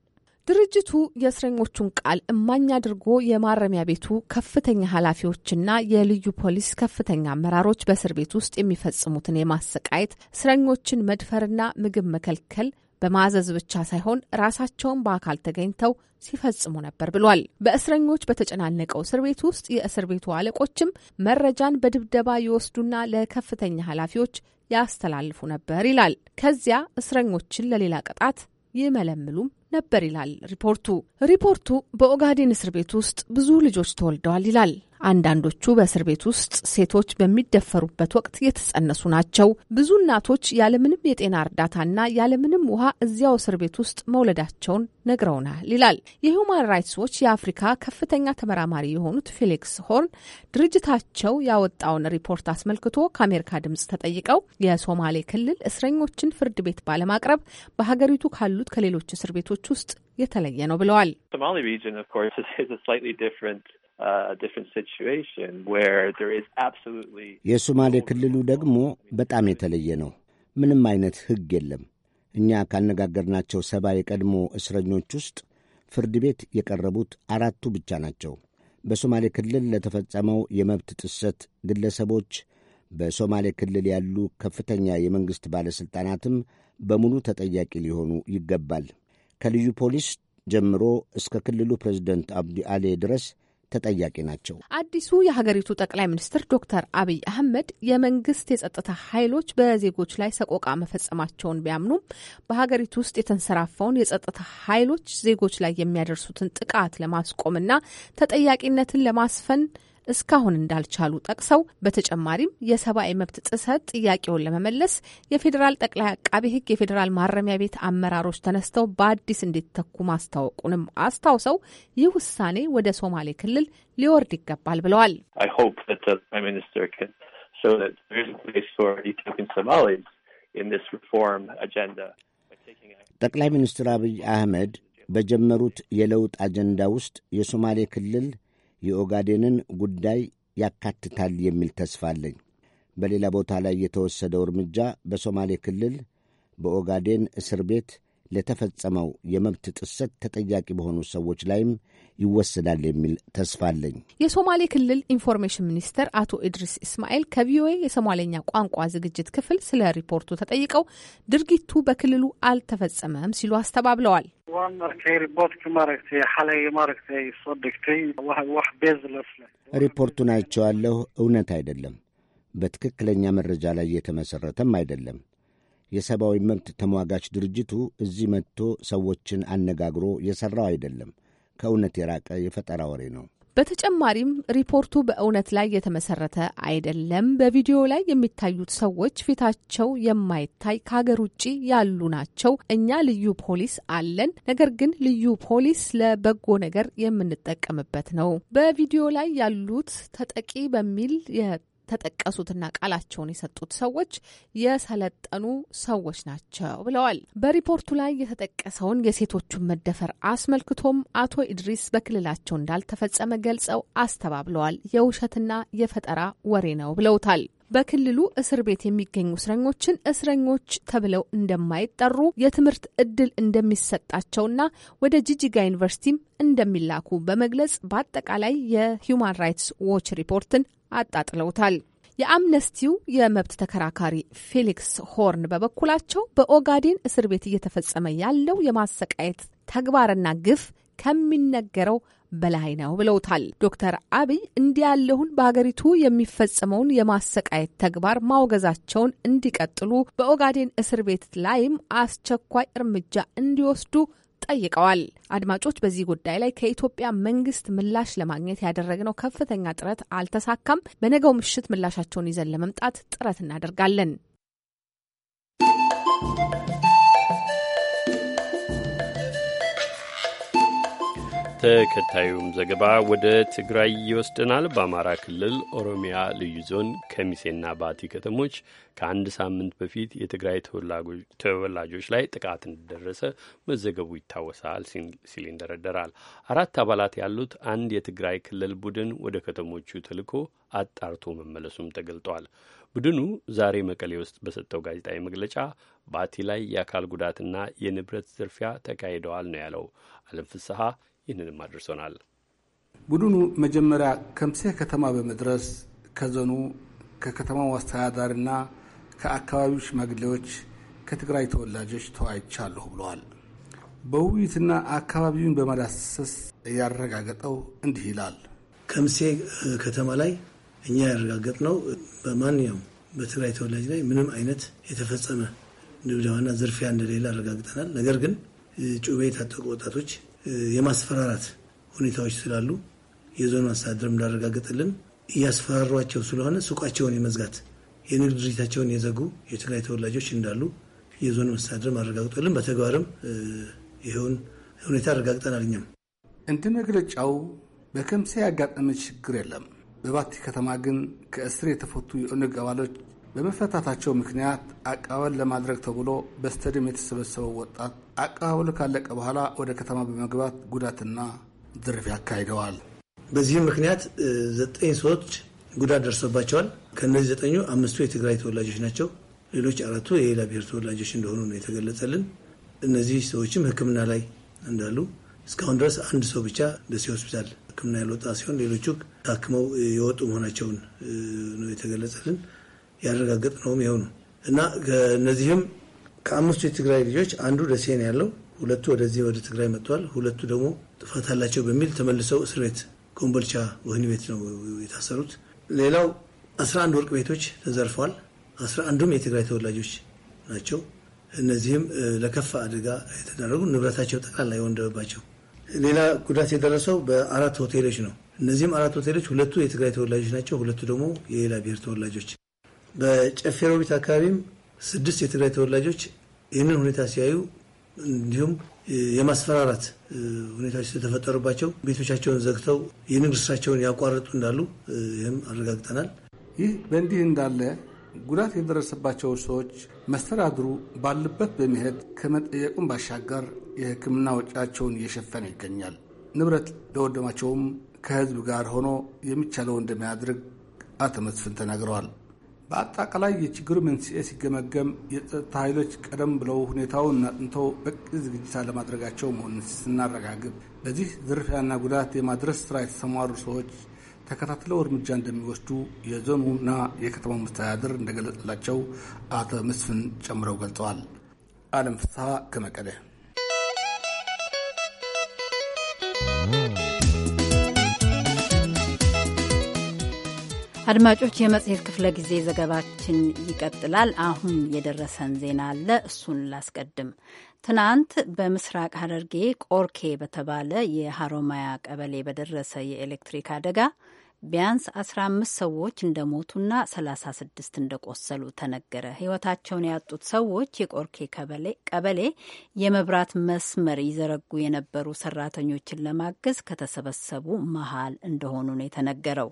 ድርጅቱ የእስረኞቹን ቃል እማኝ አድርጎ የማረሚያ ቤቱ ከፍተኛ ኃላፊዎችና የልዩ ፖሊስ ከፍተኛ አመራሮች በእስር ቤት ውስጥ የሚፈጽሙትን የማሰቃየት እስረኞችን መድፈርና ምግብ መከልከል በማዘዝ ብቻ ሳይሆን ራሳቸውን በአካል ተገኝተው ሲፈጽሙ ነበር ብሏል። በእስረኞች በተጨናነቀው እስር ቤት ውስጥ የእስር ቤቱ አለቆችም መረጃን በድብደባ ይወስዱና ለከፍተኛ ኃላፊዎች ያስተላልፉ ነበር ይላል። ከዚያ እስረኞችን ለሌላ ቅጣት ይመለምሉም ነበር ይላል ሪፖርቱ። ሪፖርቱ በኦጋዴን እስር ቤት ውስጥ ብዙ ልጆች ተወልደዋል ይላል። አንዳንዶቹ በእስር ቤት ውስጥ ሴቶች በሚደፈሩበት ወቅት የተጸነሱ ናቸው። ብዙ እናቶች ያለምንም የጤና እርዳታና ያለምንም ውሃ እዚያው እስር ቤት ውስጥ መውለዳቸውን ነግረውናል ይላል። የሁማን ራይትስ ዎች የአፍሪካ ከፍተኛ ተመራማሪ የሆኑት ፌሊክስ ሆርን ድርጅታቸው ያወጣውን ሪፖርት አስመልክቶ ከአሜሪካ ድምጽ ተጠይቀው የሶማሌ ክልል እስረኞችን ፍርድ ቤት ባለማቅረብ በሀገሪቱ ካሉት ከሌሎች እስር ቤቶች ክልሎች ውስጥ የተለየ ነው ብለዋል። uh, የሶማሌ ክልሉ ደግሞ በጣም የተለየ ነው። ምንም አይነት ሕግ የለም። እኛ ካነጋገርናቸው ሰባ የቀድሞ እስረኞች ውስጥ ፍርድ ቤት የቀረቡት አራቱ ብቻ ናቸው። በሶማሌ ክልል ለተፈጸመው የመብት ጥሰት ግለሰቦች፣ በሶማሌ ክልል ያሉ ከፍተኛ የመንግሥት ባለሥልጣናትም በሙሉ ተጠያቂ ሊሆኑ ይገባል። ከልዩ ፖሊስ ጀምሮ እስከ ክልሉ ፕሬዚደንት አብዲ አሌ ድረስ ተጠያቂ ናቸው። አዲሱ የሀገሪቱ ጠቅላይ ሚኒስትር ዶክተር አብይ አህመድ የመንግስት የጸጥታ ኃይሎች በዜጎች ላይ ሰቆቃ መፈጸማቸውን ቢያምኑም በሀገሪቱ ውስጥ የተንሰራፋውን የጸጥታ ኃይሎች ዜጎች ላይ የሚያደርሱትን ጥቃት ለማስቆምና ተጠያቂነትን ለማስፈን እስካሁን እንዳልቻሉ ጠቅሰው በተጨማሪም የሰብአዊ መብት ጥሰት ጥያቄውን ለመመለስ የፌዴራል ጠቅላይ አቃቢ ሕግ የፌዴራል ማረሚያ ቤት አመራሮች ተነስተው በአዲስ እንዲተኩ ማስታወቁንም አስታውሰው ይህ ውሳኔ ወደ ሶማሌ ክልል ሊወርድ ይገባል ብለዋል። ጠቅላይ ሚኒስትር አብይ አህመድ በጀመሩት የለውጥ አጀንዳ ውስጥ የሶማሌ ክልል የኦጋዴንን ጉዳይ ያካትታል የሚል ተስፋ አለኝ። በሌላ ቦታ ላይ የተወሰደው እርምጃ በሶማሌ ክልል በኦጋዴን እስር ቤት ለተፈጸመው የመብት ጥሰት ተጠያቂ በሆኑ ሰዎች ላይም ይወሰዳል የሚል ተስፋ አለኝ። የሶማሌ ክልል ኢንፎርሜሽን ሚኒስትር አቶ ኢድሪስ እስማኤል ከቪኦኤ የሶማሌኛ ቋንቋ ዝግጅት ክፍል ስለ ሪፖርቱ ተጠይቀው ድርጊቱ በክልሉ አልተፈጸመም ሲሉ አስተባብለዋል። ሪፖርቱን አይቼዋለሁ። እውነት አይደለም፣ በትክክለኛ መረጃ ላይ የተመሰረተም አይደለም። የሰብአዊ መብት ተሟጋች ድርጅቱ እዚህ መጥቶ ሰዎችን አነጋግሮ የሠራው አይደለም፣ ከእውነት የራቀ የፈጠራ ወሬ ነው። በተጨማሪም ሪፖርቱ በእውነት ላይ የተመሰረተ አይደለም። በቪዲዮ ላይ የሚታዩት ሰዎች ፊታቸው የማይታይ ከሀገር ውጭ ያሉ ናቸው። እኛ ልዩ ፖሊስ አለን፣ ነገር ግን ልዩ ፖሊስ ለበጎ ነገር የምንጠቀምበት ነው። በቪዲዮ ላይ ያሉት ተጠቂ በሚል የተጠቀሱትና ቃላቸውን የሰጡት ሰዎች የሰለጠኑ ሰዎች ናቸው ብለዋል። በሪፖርቱ ላይ የተጠቀሰውን የሴቶቹን መደፈር አስመልክቶም አቶ ኢድሪስ በክልላቸው እንዳልተፈጸመ ገልጸው አስተባብለዋል። የውሸትና የፈጠራ ወሬ ነው ብለውታል። በክልሉ እስር ቤት የሚገኙ እስረኞችን እስረኞች ተብለው እንደማይጠሩ የትምህርት እድል እንደሚሰጣቸውና ወደ ጂጂጋ ዩኒቨርሲቲም እንደሚላኩ በመግለጽ በአጠቃላይ የሂዩማን ራይትስ ዎች ሪፖርትን አጣጥለውታል። የአምነስቲው የመብት ተከራካሪ ፌሊክስ ሆርን በበኩላቸው በኦጋዴን እስር ቤት እየተፈጸመ ያለው የማሰቃየት ተግባርና ግፍ ከሚነገረው በላይ ነው ብለውታል። ዶክተር አብይ እንዲህ ያለውን በሀገሪቱ የሚፈጸመውን የማሰቃየት ተግባር ማውገዛቸውን እንዲቀጥሉ፣ በኦጋዴን እስር ቤት ላይም አስቸኳይ እርምጃ እንዲወስዱ ጠይቀዋል። አድማጮች፣ በዚህ ጉዳይ ላይ ከኢትዮጵያ መንግስት ምላሽ ለማግኘት ያደረግነው ከፍተኛ ጥረት አልተሳካም። በነገው ምሽት ምላሻቸውን ይዘን ለመምጣት ጥረት እናደርጋለን። ተከታዩም ዘገባ ወደ ትግራይ ይወስደናል። በአማራ ክልል ኦሮሚያ ልዩ ዞን ከሚሴና ባቲ ከተሞች ከአንድ ሳምንት በፊት የትግራይ ተወላጆች ላይ ጥቃት እንደደረሰ መዘገቡ ይታወሳል ሲል ይንደረደራል። አራት አባላት ያሉት አንድ የትግራይ ክልል ቡድን ወደ ከተሞቹ ተልኮ አጣርቶ መመለሱም ተገልጧል። ቡድኑ ዛሬ መቀሌ ውስጥ በሰጠው ጋዜጣዊ መግለጫ ባቲ ላይ የአካል ጉዳትና የንብረት ዝርፊያ ተካሂደዋል ነው ያለው። አለም ፍስሐ ይህንንም አድርሶናል። ቡድኑ መጀመሪያ ከምሴ ከተማ በመድረስ ከዘኑ ከከተማው አስተዳዳሪና ከአካባቢው ሽማግሌዎች ከትግራይ ተወላጆች ተወያይቻለሁ ብለዋል። በውይይትና አካባቢውን በማዳሰስ ያረጋገጠው እንዲህ ይላል። ከምሴ ከተማ ላይ እኛ ያረጋገጥነው በማንኛውም በትግራይ ተወላጅ ላይ ምንም አይነት የተፈጸመ ድብደባና ዝርፊያ እንደሌለ አረጋግጠናል። ነገር ግን ጩቤ የታጠቁ ወጣቶች የማስፈራራት ሁኔታዎች ስላሉ የዞን አስተዳደር እንዳረጋገጠልን እያስፈራሯቸው ስለሆነ ሱቃቸውን የመዝጋት የንግድ ድርጅታቸውን የዘጉ የትግራይ ተወላጆች እንዳሉ የዞን መስተዳድር አረጋግጦልን በተግባርም ይሁን ሁኔታ አረጋግጠናል። እኛም እንደ መግለጫው በከምሳ ያጋጠመ ችግር የለም። በባቲ ከተማ ግን ከእስር የተፈቱ የኦነግ አባሎች በመፈታታቸው ምክንያት አቀባበል ለማድረግ ተብሎ በስታዲየም የተሰበሰበው ወጣት አቀባበሉ ካለቀ በኋላ ወደ ከተማ በመግባት ጉዳትና ዝርፊያ አካሂደዋል። በዚህም ምክንያት ዘጠኝ ሰዎች ጉዳት ደርሶባቸዋል። ከእነዚህ ዘጠኙ አምስቱ የትግራይ ተወላጆች ናቸው። ሌሎች አራቱ የሌላ ብሔር ተወላጆች እንደሆኑ ነው የተገለጸልን። እነዚህ ሰዎችም ሕክምና ላይ እንዳሉ እስካሁን ድረስ አንድ ሰው ብቻ ደሴ ሆስፒታል ሕክምና ያልወጣ ሲሆን ሌሎቹ ታክመው የወጡ መሆናቸውን ነው የተገለጸልን። ያረጋገጥ ነው የሚሆኑ እና እነዚህም ከአምስቱ የትግራይ ልጆች አንዱ ደሴ ነው ያለው። ሁለቱ ወደዚህ ወደ ትግራይ መጥተዋል። ሁለቱ ደግሞ ጥፋት አላቸው በሚል ተመልሰው እስር ቤት ኮምቦልቻ ወህኒ ቤት ነው የታሰሩት። ሌላው አስራ አንድ ወርቅ ቤቶች ተዘርፈዋል አስራ አንዱም የትግራይ ተወላጆች ናቸው። እነዚህም ለከፋ አደጋ የተዳረጉ ንብረታቸው ጠቅላላ የወንደበባቸው። ሌላ ጉዳት የደረሰው በአራት ሆቴሎች ነው። እነዚህም አራት ሆቴሎች ሁለቱ የትግራይ ተወላጆች ናቸው። ሁለቱ ደግሞ የሌላ ብሔር ተወላጆች በጨፌ ሮቢት አካባቢም ስድስት የትግራይ ተወላጆች ይህንን ሁኔታ ሲያዩ እንዲሁም የማስፈራራት ሁኔታዎች ስለተፈጠሩባቸው ቤቶቻቸውን ዘግተው የንግድ ስራቸውን ያቋረጡ እንዳሉ ይህም አረጋግጠናል። ይህ በእንዲህ እንዳለ ጉዳት የደረሰባቸው ሰዎች መስተዳድሩ ባሉበት በመሄድ ከመጠየቁም ባሻገር የሕክምና ወጪያቸውን እየሸፈነ ይገኛል። ንብረት ለወደማቸውም ከህዝብ ጋር ሆኖ የሚቻለው እንደሚያድርግ አቶ መስፍን ተናግረዋል። በአጠቃላይ የችግሩ መንስኤ ሲገመገም የጸጥታ ኃይሎች ቀደም ብለው ሁኔታውን አጥንተው በቂ ዝግጅት አለማድረጋቸው መሆኑን ስናረጋግጥ፣ በዚህ ዝርፊያና ጉዳት የማድረስ ስራ የተሰማሩ ሰዎች ተከታትለው እርምጃ እንደሚወስዱ የዞኑና የከተማው መስተዳድር እንደገለጸላቸው አቶ መስፍን ጨምረው ገልጸዋል። አለም ፍስሐ ከመቀሌ አድማጮች የመጽሔት ክፍለ ጊዜ ዘገባችን ይቀጥላል። አሁን የደረሰን ዜና አለ፣ እሱን ላስቀድም። ትናንት በምስራቅ ሐረርጌ ቆርኬ በተባለ የሀሮማያ ቀበሌ በደረሰ የኤሌክትሪክ አደጋ ቢያንስ 15 ሰዎች እንደሞቱና 36 እንደቆሰሉ ተነገረ። ሕይወታቸውን ያጡት ሰዎች የቆርኬ ቀበሌ የመብራት መስመር ይዘረጉ የነበሩ ሰራተኞችን ለማገዝ ከተሰበሰቡ መሀል እንደሆኑ ነው የተነገረው።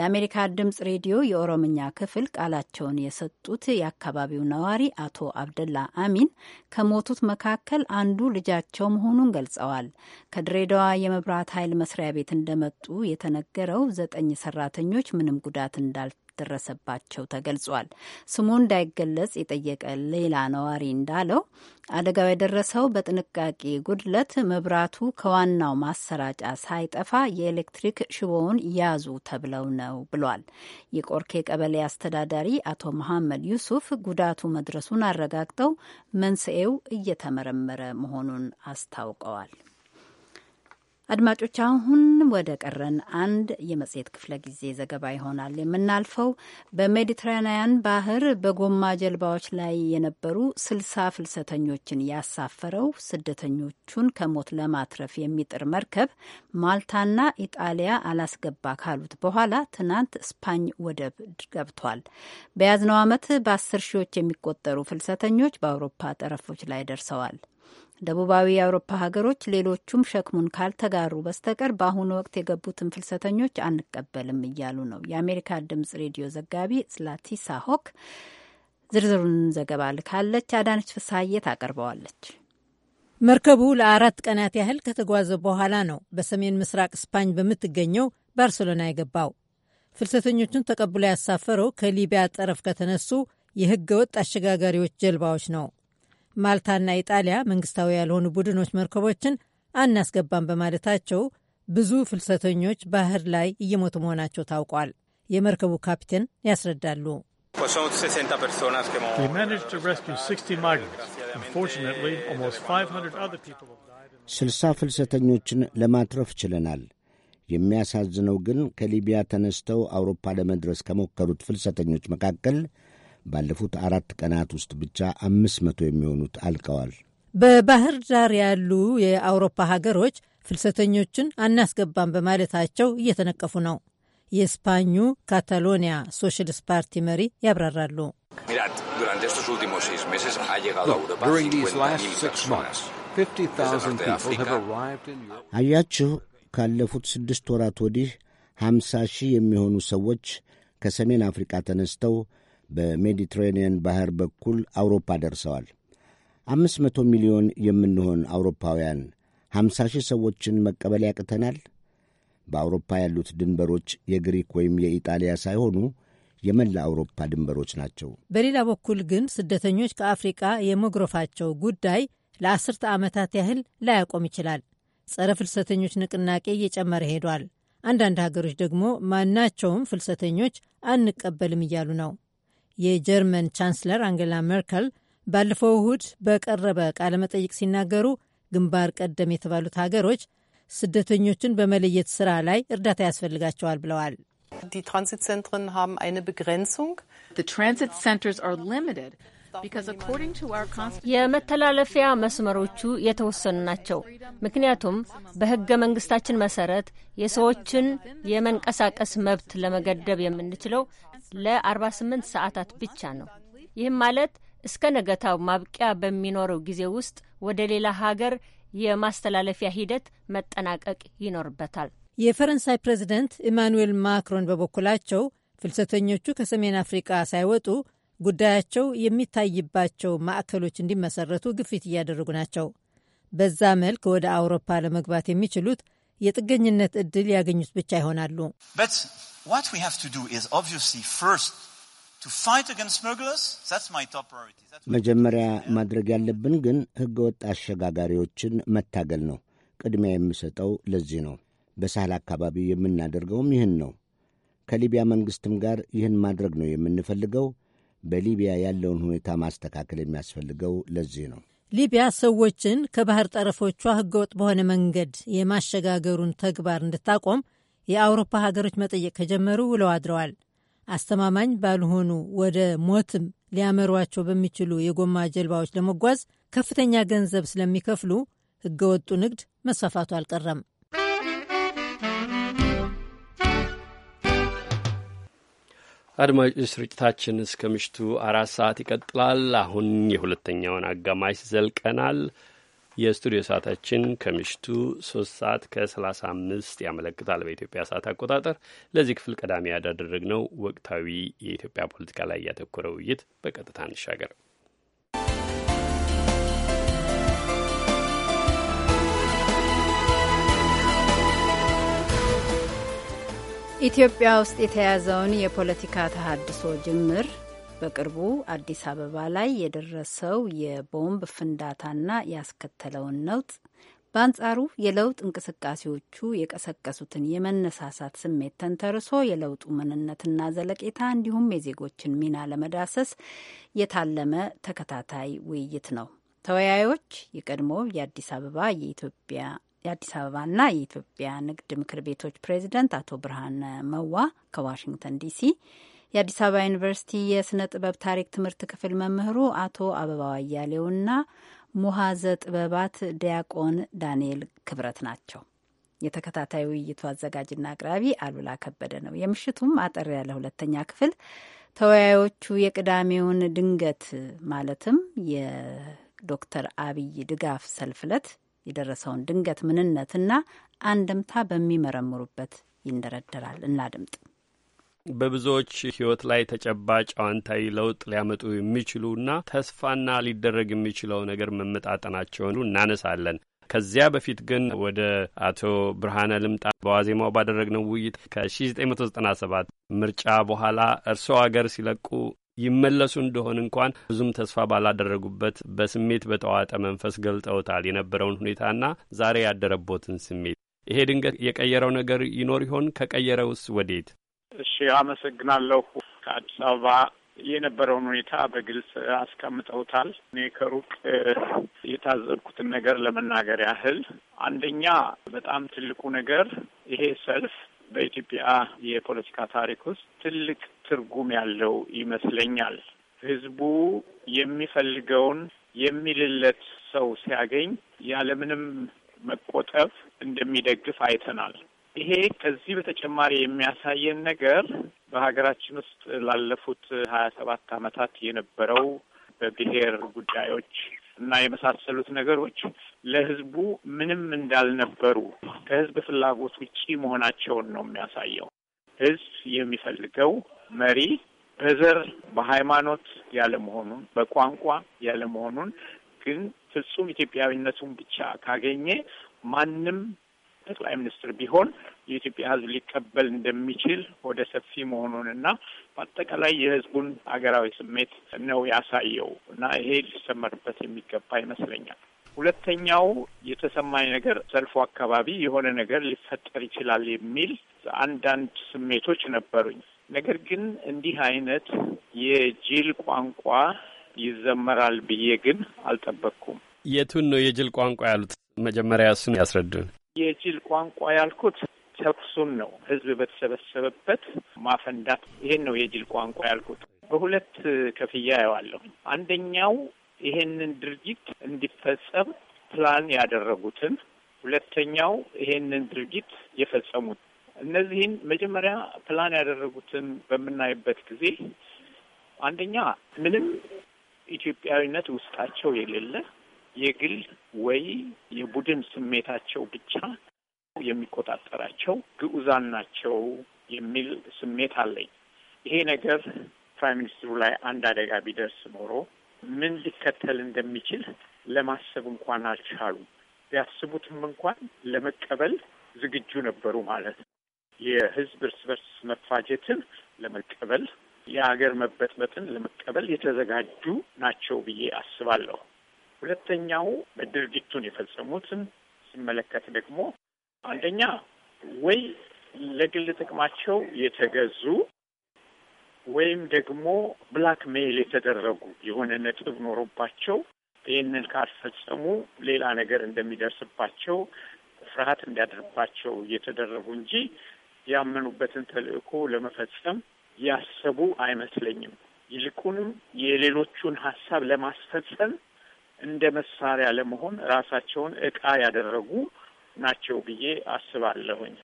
ለአሜሪካ ድምጽ ሬዲዮ የኦሮምኛ ክፍል ቃላቸውን የሰጡት የአካባቢው ነዋሪ አቶ አብደላ አሚን ከሞቱት መካከል አንዱ ልጃቸው መሆኑን ገልጸዋል። ከድሬዳዋ የመብራት ኃይል መስሪያ ቤት እንደመጡ የተነገረው ዘጠ ዘጠኝ ሰራተኞች ምንም ጉዳት እንዳልደረሰባቸው ተገልጿል። ስሙ እንዳይገለጽ የጠየቀ ሌላ ነዋሪ እንዳለው አደጋው የደረሰው በጥንቃቄ ጉድለት መብራቱ ከዋናው ማሰራጫ ሳይጠፋ የኤሌክትሪክ ሽቦውን ያዙ ተብለው ነው ብሏል። የቆርኬ ቀበሌ አስተዳዳሪ አቶ መሐመድ ዩሱፍ ጉዳቱ መድረሱን አረጋግጠው መንስኤው እየተመረመረ መሆኑን አስታውቀዋል። አድማጮች፣ አሁን ወደ ቀረን አንድ የመጽሔት ክፍለ ጊዜ ዘገባ ይሆናል የምናልፈው። በሜዲትራንያን ባህር በጎማ ጀልባዎች ላይ የነበሩ ስልሳ ፍልሰተኞችን ያሳፈረው ስደተኞቹን ከሞት ለማትረፍ የሚጥር መርከብ ማልታና ኢጣሊያ አላስገባ ካሉት በኋላ ትናንት ስፓኝ ወደብ ገብቷል። በያዝነው ዓመት በአስር ሺዎች የሚቆጠሩ ፍልሰተኞች በአውሮፓ ጠረፎች ላይ ደርሰዋል። ደቡባዊ የአውሮፓ ሀገሮች ሌሎቹም ሸክሙን ካልተጋሩ በስተቀር በአሁኑ ወቅት የገቡትን ፍልሰተኞች አንቀበልም እያሉ ነው። የአሜሪካ ድምጽ ሬዲዮ ዘጋቢ ስላቲሳ ሆክ ዝርዝሩን ዘገባ ልካለች። አዳነች ፍስሀዬ አቀርበዋለች። መርከቡ ለአራት ቀናት ያህል ከተጓዘ በኋላ ነው በሰሜን ምስራቅ ስፓኝ በምትገኘው ባርሴሎና የገባው። ፍልሰተኞቹን ተቀብሎ ያሳፈረው ከሊቢያ ጠረፍ ከተነሱ የህገ ወጥ አሸጋጋሪዎች ጀልባዎች ነው። ማልታና ኢጣሊያ መንግስታዊ ያልሆኑ ቡድኖች መርከቦችን አናስገባም በማለታቸው ብዙ ፍልሰተኞች ባህር ላይ እየሞቱ መሆናቸው ታውቋል። የመርከቡ ካፕቴን ያስረዳሉ። ስልሳ ፍልሰተኞችን ለማትረፍ ችለናል። የሚያሳዝነው ግን ከሊቢያ ተነስተው አውሮፓ ለመድረስ ከሞከሩት ፍልሰተኞች መካከል ባለፉት አራት ቀናት ውስጥ ብቻ አምስት መቶ የሚሆኑት አልቀዋል። በባህር ዳር ያሉ የአውሮፓ ሀገሮች ፍልሰተኞችን አናስገባም በማለታቸው እየተነቀፉ ነው። የስፓኙ ካታሎኒያ ሶሻሊስት ፓርቲ መሪ ያብራራሉ። አያችሁ፣ ካለፉት ስድስት ወራት ወዲህ ሀምሳ ሺህ የሚሆኑ ሰዎች ከሰሜን አፍሪቃ ተነስተው በሜዲትሬንየን ባህር በኩል አውሮፓ ደርሰዋል። አምስት መቶ ሚሊዮን የምንሆን አውሮፓውያን ሀምሳ ሺህ ሰዎችን መቀበል ያቅተናል። በአውሮፓ ያሉት ድንበሮች የግሪክ ወይም የኢጣሊያ ሳይሆኑ የመላ አውሮፓ ድንበሮች ናቸው። በሌላ በኩል ግን ስደተኞች ከአፍሪቃ የመጉረፋቸው ጉዳይ ለአስርተ ዓመታት ያህል ላያቆም ይችላል። ጸረ ፍልሰተኞች ንቅናቄ እየጨመረ ሄዷል። አንዳንድ ሀገሮች ደግሞ ማናቸውም ፍልሰተኞች አንቀበልም እያሉ ነው። የጀርመን ቻንስለር አንጌላ ሜርከል ባለፈው እሁድ በቀረበ ቃለ መጠይቅ ሲናገሩ ግንባር ቀደም የተባሉት ሀገሮች ስደተኞችን በመለየት ስራ ላይ እርዳታ ያስፈልጋቸዋል ብለዋል። የመተላለፊያ መስመሮቹ የተወሰኑ ናቸው። ምክንያቱም በህገ መንግስታችን መሰረት የሰዎችን የመንቀሳቀስ መብት ለመገደብ የምንችለው ለ48 ሰዓታት ብቻ ነው። ይህም ማለት እስከ ነገታው ማብቂያ በሚኖረው ጊዜ ውስጥ ወደ ሌላ ሀገር የማስተላለፊያ ሂደት መጠናቀቅ ይኖርበታል። የፈረንሳይ ፕሬዚደንት ኢማኑዌል ማክሮን በበኩላቸው ፍልሰተኞቹ ከሰሜን አፍሪቃ ሳይወጡ ጉዳያቸው የሚታይባቸው ማዕከሎች እንዲመሰረቱ ግፊት እያደረጉ ናቸው። በዛ መልክ ወደ አውሮፓ ለመግባት የሚችሉት የጥገኝነት እድል ያገኙት ብቻ ይሆናሉ። መጀመሪያ ማድረግ ያለብን ግን ወጥ አሸጋጋሪዎችን መታገል ነው። ቅድሚያ የምሰጠው ለዚህ ነው። በሳህል አካባቢ የምናደርገውም ይህን ነው። ከሊቢያ መንግሥትም ጋር ይህን ማድረግ ነው የምንፈልገው። በሊቢያ ያለውን ሁኔታ ማስተካከል የሚያስፈልገው ለዚህ ነው። ሊቢያ ሰዎችን ከባህር ጠረፎቿ ህገወጥ በሆነ መንገድ የማሸጋገሩን ተግባር እንድታቆም የአውሮፓ ሀገሮች መጠየቅ ከጀመሩ ውለው አድረዋል። አስተማማኝ ባልሆኑ ወደ ሞትም ሊያመሯቸው በሚችሉ የጎማ ጀልባዎች ለመጓዝ ከፍተኛ ገንዘብ ስለሚከፍሉ ህገወጡ ንግድ መስፋፋቱ አልቀረም። አድማጮች ስርጭታችን እስከ ምሽቱ አራት ሰዓት ይቀጥላል። አሁን የሁለተኛውን አጋማሽ ዘልቀናል። የስቱዲዮ ሰዓታችን ከምሽቱ ሶስት ሰዓት ከሰላሳ አምስት ያመለክታል በኢትዮጵያ ሰዓት አቆጣጠር። ለዚህ ክፍል ቀዳሚ ያደረግነው ወቅታዊ የኢትዮጵያ ፖለቲካ ላይ ያተኮረ ውይይት በቀጥታ እንሻገር። ኢትዮጵያ ውስጥ የተያዘውን የፖለቲካ ተሃድሶ ጅምር በቅርቡ አዲስ አበባ ላይ የደረሰው የቦምብ ፍንዳታና ያስከተለውን ነውጥ በአንጻሩ የለውጥ እንቅስቃሴዎቹ የቀሰቀሱትን የመነሳሳት ስሜት ተንተርሶ የለውጡ ምንነትና ዘለቄታ እንዲሁም የዜጎችን ሚና ለመዳሰስ የታለመ ተከታታይ ውይይት ነው። ተወያዮች የቀድሞ የአዲስ አበባ የኢትዮጵያ የአዲስ አበባና የኢትዮጵያ ንግድ ምክር ቤቶች ፕሬዚደንት አቶ ብርሃን መዋ ከዋሽንግተን ዲሲ የአዲስ አበባ ዩኒቨርሲቲ የስነ ጥበብ ታሪክ ትምህርት ክፍል መምህሩ አቶ አበባው አያሌውና ሙሐዘ ጥበባት ዲያቆን ዳንኤል ክብረት ናቸው። የተከታታይ ውይይቱ አዘጋጅና አቅራቢ አሉላ ከበደ ነው። የምሽቱም አጠር ያለ ሁለተኛ ክፍል ተወያዮቹ የቅዳሜውን ድንገት ማለትም የዶክተር አብይ ድጋፍ ሰልፍ ዕለት የደረሰውን ድንገት ምንነትና አንድምታ በሚመረምሩበት ይንደረደራል። እናድምጥ። በብዙዎች ሕይወት ላይ ተጨባጭ አዋንታዊ ለውጥ ሊያመጡ የሚችሉና ተስፋና ሊደረግ የሚችለው ነገር መመጣጠናቸውን እናነሳለን። ከዚያ በፊት ግን ወደ አቶ ብርሃነ ልምጣ። በዋዜማው ባደረግነው ውይይት ከ1997 ምርጫ በኋላ እርስዎ አገር ሲለቁ ይመለሱ እንደሆን እንኳን ብዙም ተስፋ ባላደረጉበት በስሜት በተዋጠ መንፈስ ገልጠውታል የነበረውን ሁኔታና ዛሬ ያደረቦትን ስሜት። ይሄ ድንገት የቀየረው ነገር ይኖር ይሆን? ከቀየረውስ ወዴት? እሺ፣ አመሰግናለሁ። ከአዲስ አበባ የነበረውን ሁኔታ በግልጽ አስቀምጠውታል። እኔ ከሩቅ የታዘብኩትን ነገር ለመናገር ያህል አንደኛ፣ በጣም ትልቁ ነገር ይሄ ሰልፍ በኢትዮጵያ የፖለቲካ ታሪክ ውስጥ ትልቅ ትርጉም ያለው ይመስለኛል። ህዝቡ የሚፈልገውን የሚልለት ሰው ሲያገኝ ያለምንም መቆጠብ እንደሚደግፍ አይተናል። ይሄ ከዚህ በተጨማሪ የሚያሳየን ነገር በሀገራችን ውስጥ ላለፉት ሀያ ሰባት አመታት የነበረው በብሔር ጉዳዮች እና የመሳሰሉት ነገሮች ለህዝቡ ምንም እንዳልነበሩ ከህዝብ ፍላጎት ውጪ መሆናቸውን ነው የሚያሳየው። ህዝብ የሚፈልገው መሪ በዘር በሃይማኖት ያለመሆኑን በቋንቋ ያለመሆኑን ግን ፍጹም ኢትዮጵያዊነቱን ብቻ ካገኘ ማንም ጠቅላይ ሚኒስትር ቢሆን የኢትዮጵያ ሕዝብ ሊቀበል እንደሚችል ወደ ሰፊ መሆኑን በአጠቃላይ የሕዝቡን ሀገራዊ ስሜት ነው ያሳየው እና ይሄ ሊሰመርበት የሚገባ ይመስለኛል። ሁለተኛው የተሰማኝ ነገር ሰልፉ አካባቢ የሆነ ነገር ሊፈጠር ይችላል የሚል አንዳንድ ስሜቶች ነበሩኝ። ነገር ግን እንዲህ አይነት የጅል ቋንቋ ይዘመራል ብዬ ግን አልጠበቅኩም። የቱን ነው የጅል ቋንቋ ያሉት? መጀመሪያ እሱን ያስረዱን። የጅል ቋንቋ ያልኩት ተኩሱን ነው። ህዝብ በተሰበሰበበት ማፈንዳት፣ ይሄን ነው የጅል ቋንቋ ያልኩት። በሁለት ከፍያ ያዋለሁ። አንደኛው ይሄንን ድርጊት እንዲፈጸም ፕላን ያደረጉትን፣ ሁለተኛው ይሄንን ድርጊት የፈጸሙት እነዚህን መጀመሪያ ፕላን ያደረጉትን በምናይበት ጊዜ አንደኛ ምንም ኢትዮጵያዊነት ውስጣቸው የሌለ የግል ወይ የቡድን ስሜታቸው ብቻ የሚቆጣጠራቸው ግዑዛን ናቸው የሚል ስሜት አለኝ። ይሄ ነገር ፕራይም ሚኒስትሩ ላይ አንድ አደጋ ቢደርስ ኖሮ ምን ሊከተል እንደሚችል ለማሰብ እንኳን አልቻሉም። ቢያስቡትም እንኳን ለመቀበል ዝግጁ ነበሩ ማለት ነው። የህዝብ እርስ በርስ መፋጀትን ለመቀበል የሀገር መበጥበጥን ለመቀበል የተዘጋጁ ናቸው ብዬ አስባለሁ። ሁለተኛው በድርጊቱን የፈጸሙትን ሲመለከት ደግሞ አንደኛ ወይ ለግል ጥቅማቸው የተገዙ ወይም ደግሞ ብላክ ሜይል የተደረጉ የሆነ ነጥብ ኖሮባቸው ይህንን ካልፈጸሙ ሌላ ነገር እንደሚደርስባቸው ፍርሃት እንዲያደርባቸው እየተደረጉ እንጂ ያመኑበትን ተልእኮ ለመፈጸም ያሰቡ አይመስለኝም። ይልቁንም የሌሎቹን ሀሳብ ለማስፈጸም እንደ መሳሪያ ለመሆን ራሳቸውን እቃ ያደረጉ ናቸው ብዬ አስባለሁኝ።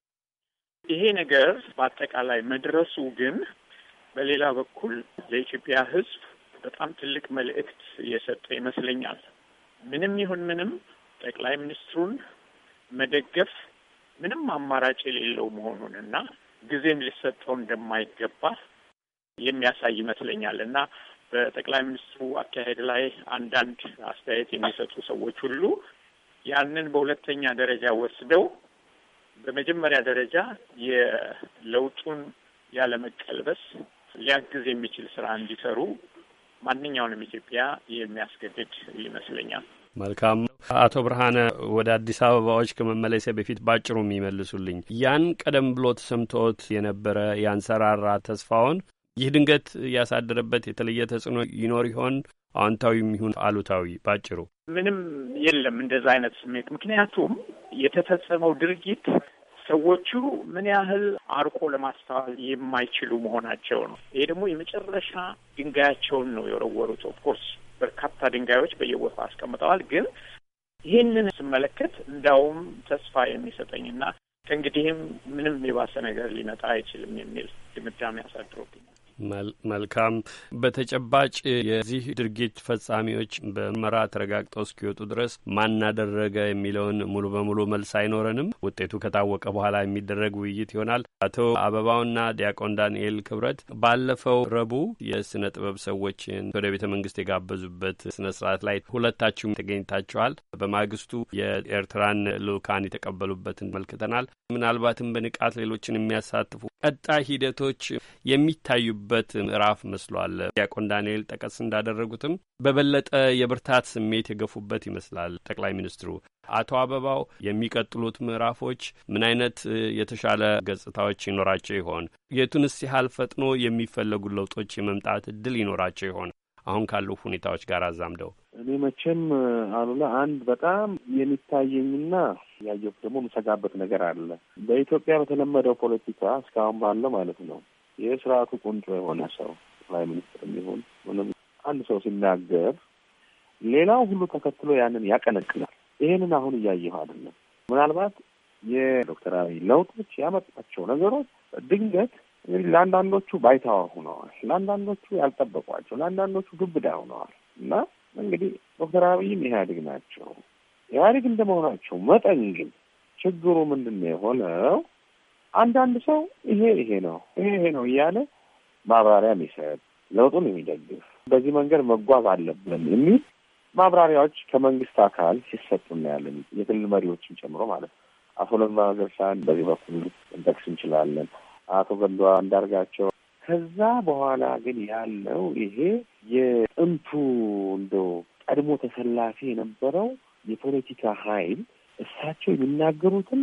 ይሄ ነገር በአጠቃላይ መድረሱ ግን በሌላ በኩል ለኢትዮጵያ ሕዝብ በጣም ትልቅ መልእክት የሰጠ ይመስለኛል። ምንም ይሁን ምንም ጠቅላይ ሚኒስትሩን መደገፍ ምንም አማራጭ የሌለው መሆኑንና ጊዜም ሊሰጠው እንደማይገባ የሚያሳይ ይመስለኛል እና በጠቅላይ ሚኒስትሩ አካሄድ ላይ አንዳንድ አስተያየት የሚሰጡ ሰዎች ሁሉ ያንን በሁለተኛ ደረጃ ወስደው በመጀመሪያ ደረጃ የለውጡን ያለመቀልበስ ሊያግዝ የሚችል ስራ እንዲሰሩ ማንኛውንም ኢትዮጵያ የሚያስገድድ ይመስለኛል። መልካም አቶ ብርሃነ ወደ አዲስ አበባዎች ከመመለሴ በፊት ባጭሩ የሚመልሱልኝ ያን ቀደም ብሎ ተሰምቶት የነበረ ያንሰራራ ተስፋውን ይህ ድንገት ያሳደረበት የተለየ ተጽዕኖ ይኖር ይሆን? አዎንታዊ የሚሆን አሉታዊ? ባጭሩ ምንም የለም እንደዛ አይነት ስሜት። ምክንያቱም የተፈጸመው ድርጊት ሰዎቹ ምን ያህል አርቆ ለማስተዋል የማይችሉ መሆናቸው ነው። ይሄ ደግሞ የመጨረሻ ድንጋያቸውን ነው የወረወሩት ኦፍኮርስ በርካታ ድንጋዮች በየቦታው አስቀምጠዋል። ግን ይህንን ስመለከት እንዲያውም ተስፋ የሚሰጠኝና ከእንግዲህም ምንም የባሰ ነገር ሊመጣ አይችልም የሚል ድምዳሜ አሳድሮብኛል። መልካም። በተጨባጭ የዚህ ድርጊት ፈጻሚዎች በምርመራ ተረጋግጠው እስኪወጡ ድረስ ማናደረገ የሚለውን ሙሉ በሙሉ መልስ አይኖረንም። ውጤቱ ከታወቀ በኋላ የሚደረግ ውይይት ይሆናል። አቶ አበባውና ዲያቆን ዳንኤል ክብረት ባለፈው ረቡዕ የስነ ጥበብ ሰዎችን ወደ ቤተ መንግስት የጋበዙበት ስነ ስርዓት ላይ ሁለታችሁም ተገኝታችኋል። በማግስቱ የኤርትራን ልኡካን የተቀበሉበትን መልክተናል። ምናልባትም በንቃት ሌሎችን የሚያሳትፉ ቀጣይ ሂደቶች የሚታዩበት የገቡበት ምዕራፍ መስሏል። ዲያቆን ዳንኤል ጠቀስ እንዳደረጉትም በበለጠ የብርታት ስሜት የገፉበት ይመስላል ጠቅላይ ሚኒስትሩ። አቶ አበባው የሚቀጥሉት ምዕራፎች ምን አይነት የተሻለ ገጽታዎች ይኖራቸው ይሆን? የቱንስ ያህል ፈጥኖ የሚፈለጉ ለውጦች የመምጣት እድል ይኖራቸው ይሆን? አሁን ካሉ ሁኔታዎች ጋር አዛምደው እኔ መቼም አሉላ አንድ በጣም የሚታየኝና ያየሁት ደግሞ የምሰጋበት ነገር አለ። በኢትዮጵያ በተለመደው ፖለቲካ እስካሁን ባለው ማለት ነው የስርዓቱ ቁንጮ የሆነ ሰው ጠቅላይ ሚኒስትር የሚሆን ምንም አንድ ሰው ሲናገር ሌላው ሁሉ ተከትሎ ያንን ያቀነቅናል። ይሄንን አሁን እያየሁ አይደለም። ምናልባት የዶክተር አብይ ለውጦች ያመጣቸው ነገሮች ድንገት እንግዲህ ለአንዳንዶቹ ባይታዋ ሆነዋል፣ ለአንዳንዶቹ ያልጠበቋቸው፣ ለአንዳንዶቹ ግብዳ ሆነዋል እና እንግዲህ ዶክተር አብይም ኢህአዴግ ናቸው። ኢህአዴግ እንደመሆናቸው መጠን ግን ችግሩ ምንድን ነው የሆነው? አንዳንድ ሰው ይሄ ይሄ ነው ይሄ ይሄ ነው እያለ ማብራሪያ የሚሰጥ ለውጡን የሚደግፍ በዚህ መንገድ መጓዝ አለብን የሚል ማብራሪያዎች ከመንግስት አካል ሲሰጡ እናያለን። የክልል መሪዎችን ጨምሮ ማለት ነው። አቶ ለማ ገርሳን በዚህ በኩል እንጠቅስ እንችላለን። አቶ ገንዷ አንዳርጋቸው። ከዛ በኋላ ግን ያለው ይሄ የጥንቱ እንደው ቀድሞ ተሰላፊ የነበረው የፖለቲካ ኃይል እሳቸው የሚናገሩትን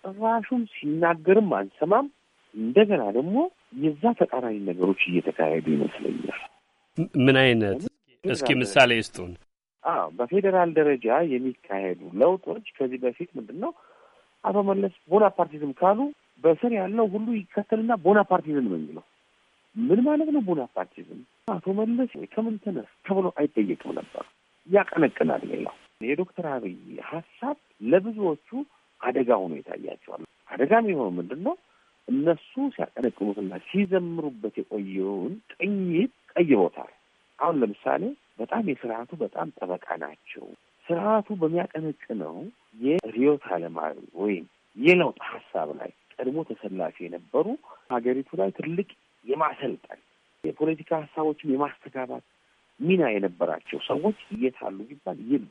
ጭራሹም ሲናገርም አንሰማም። እንደገና ደግሞ የዛ ተቃራኒ ነገሮች እየተካሄዱ ይመስለኛል። ምን አይነት እስኪ ምሳሌ ይስጡን። በፌዴራል ደረጃ የሚካሄዱ ለውጦች ከዚህ በፊት ምንድን ነው አቶ መለስ ቦናፓርቲዝም ካሉ በስር ያለው ሁሉ ይከተልና ቦናፓርቲዝም ነው የሚለው። ምን ማለት ነው ቦናፓርቲዝም? አቶ መለስ ከምን ተነስ ተብሎ አይጠየቅም ነበር። ያቀነቅናል። ሌላው የዶክተር አብይ ሀሳብ ለብዙዎቹ አደጋ ሆኖ ይታያቸዋል። አደጋ የሚሆነው ምንድን ነው? እነሱ ሲያቀነቅኑትና ሲዘምሩበት የቆየውን ጥይት ቀይሮታል። አሁን ለምሳሌ በጣም የስርዓቱ በጣም ጠበቃ ናቸው። ስርዓቱ በሚያቀነቅነው የርዕዮተ ዓለማዊ ወይም የለውጥ ሀሳብ ላይ ቀድሞ ተሰላፊ የነበሩ ሀገሪቱ ላይ ትልቅ የማሰልጠን የፖለቲካ ሀሳቦችን የማስተጋባት ሚና የነበራቸው ሰዎች የት አሉ ቢባል የሉ።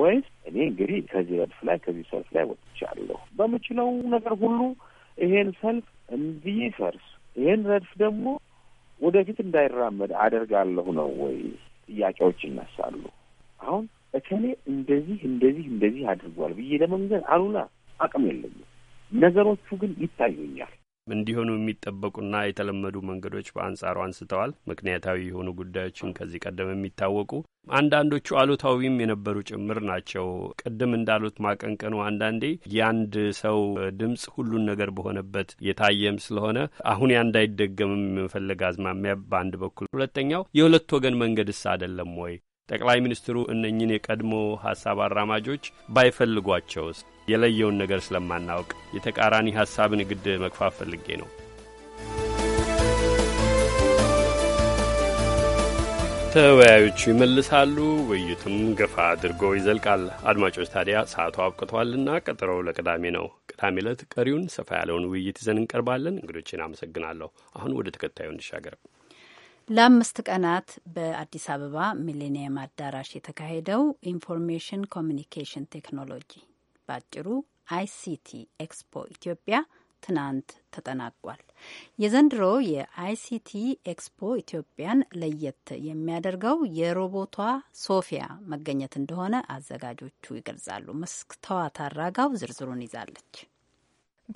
ወይስ እኔ እንግዲህ ከዚህ ረድፍ ላይ ከዚህ ሰልፍ ላይ ወጥቻለሁ፣ በምችለው ነገር ሁሉ ይሄን ሰልፍ እንዲፈርስ ይሄን ረድፍ ደግሞ ወደፊት እንዳይራመድ አደርጋለሁ ነው ወይ? ጥያቄዎች ይነሳሉ። አሁን እከሌ እንደዚህ እንደዚህ እንደዚህ አድርጓል ብዬ ለመንገር አሉላ አቅም የለኝም። ነገሮቹ ግን ይታዩኛል። እንዲሆኑ የሚጠበቁና የተለመዱ መንገዶች በአንጻሩ አንስተዋል። ምክንያታዊ የሆኑ ጉዳዮችን ከዚህ ቀደም የሚታወቁ አንዳንዶቹ አሉታዊም የነበሩ ጭምር ናቸው። ቅድም እንዳሉት ማቀንቀኑ አንዳንዴ የአንድ ሰው ድምፅ ሁሉን ነገር በሆነበት የታየም ስለሆነ አሁን ያ እንዳይደገምም የመፈለግ አዝማሚያ በአንድ በኩል፣ ሁለተኛው የሁለት ወገን መንገድስ አይደለም ወይ? ጠቅላይ ሚኒስትሩ እነኝን የቀድሞ ሀሳብ አራማጆች ባይፈልጓቸውስ? የለየውን ነገር ስለማናውቅ የተቃራኒ ሀሳብን ግድ መግፋት ፈልጌ ነው። ተወያዮቹ ይመልሳሉ፣ ውይይቱም ገፋ አድርጎ ይዘልቃል። አድማጮች ታዲያ ሰዓቱ አብቅቷልና ቀጠሮው ለቅዳሜ ነው። ቅዳሜ ዕለት ቀሪውን ሰፋ ያለውን ውይይት ይዘን እንቀርባለን። እንግዶችን አመሰግናለሁ። አሁን ወደ ተከታዩ እንሻገር። ለአምስት ቀናት በአዲስ አበባ ሚሌኒየም አዳራሽ የተካሄደው ኢንፎርሜሽን ኮሚኒኬሽን ቴክኖሎጂ በአጭሩ አይሲቲ ኤክስፖ ኢትዮጵያ ትናንት ተጠናቋል። የዘንድሮ የአይሲቲ ኤክስፖ ኢትዮጵያን ለየት የሚያደርገው የሮቦቷ ሶፊያ መገኘት እንደሆነ አዘጋጆቹ ይገልጻሉ። መስክተዋ አራጋው ዝርዝሩን ይዛለች።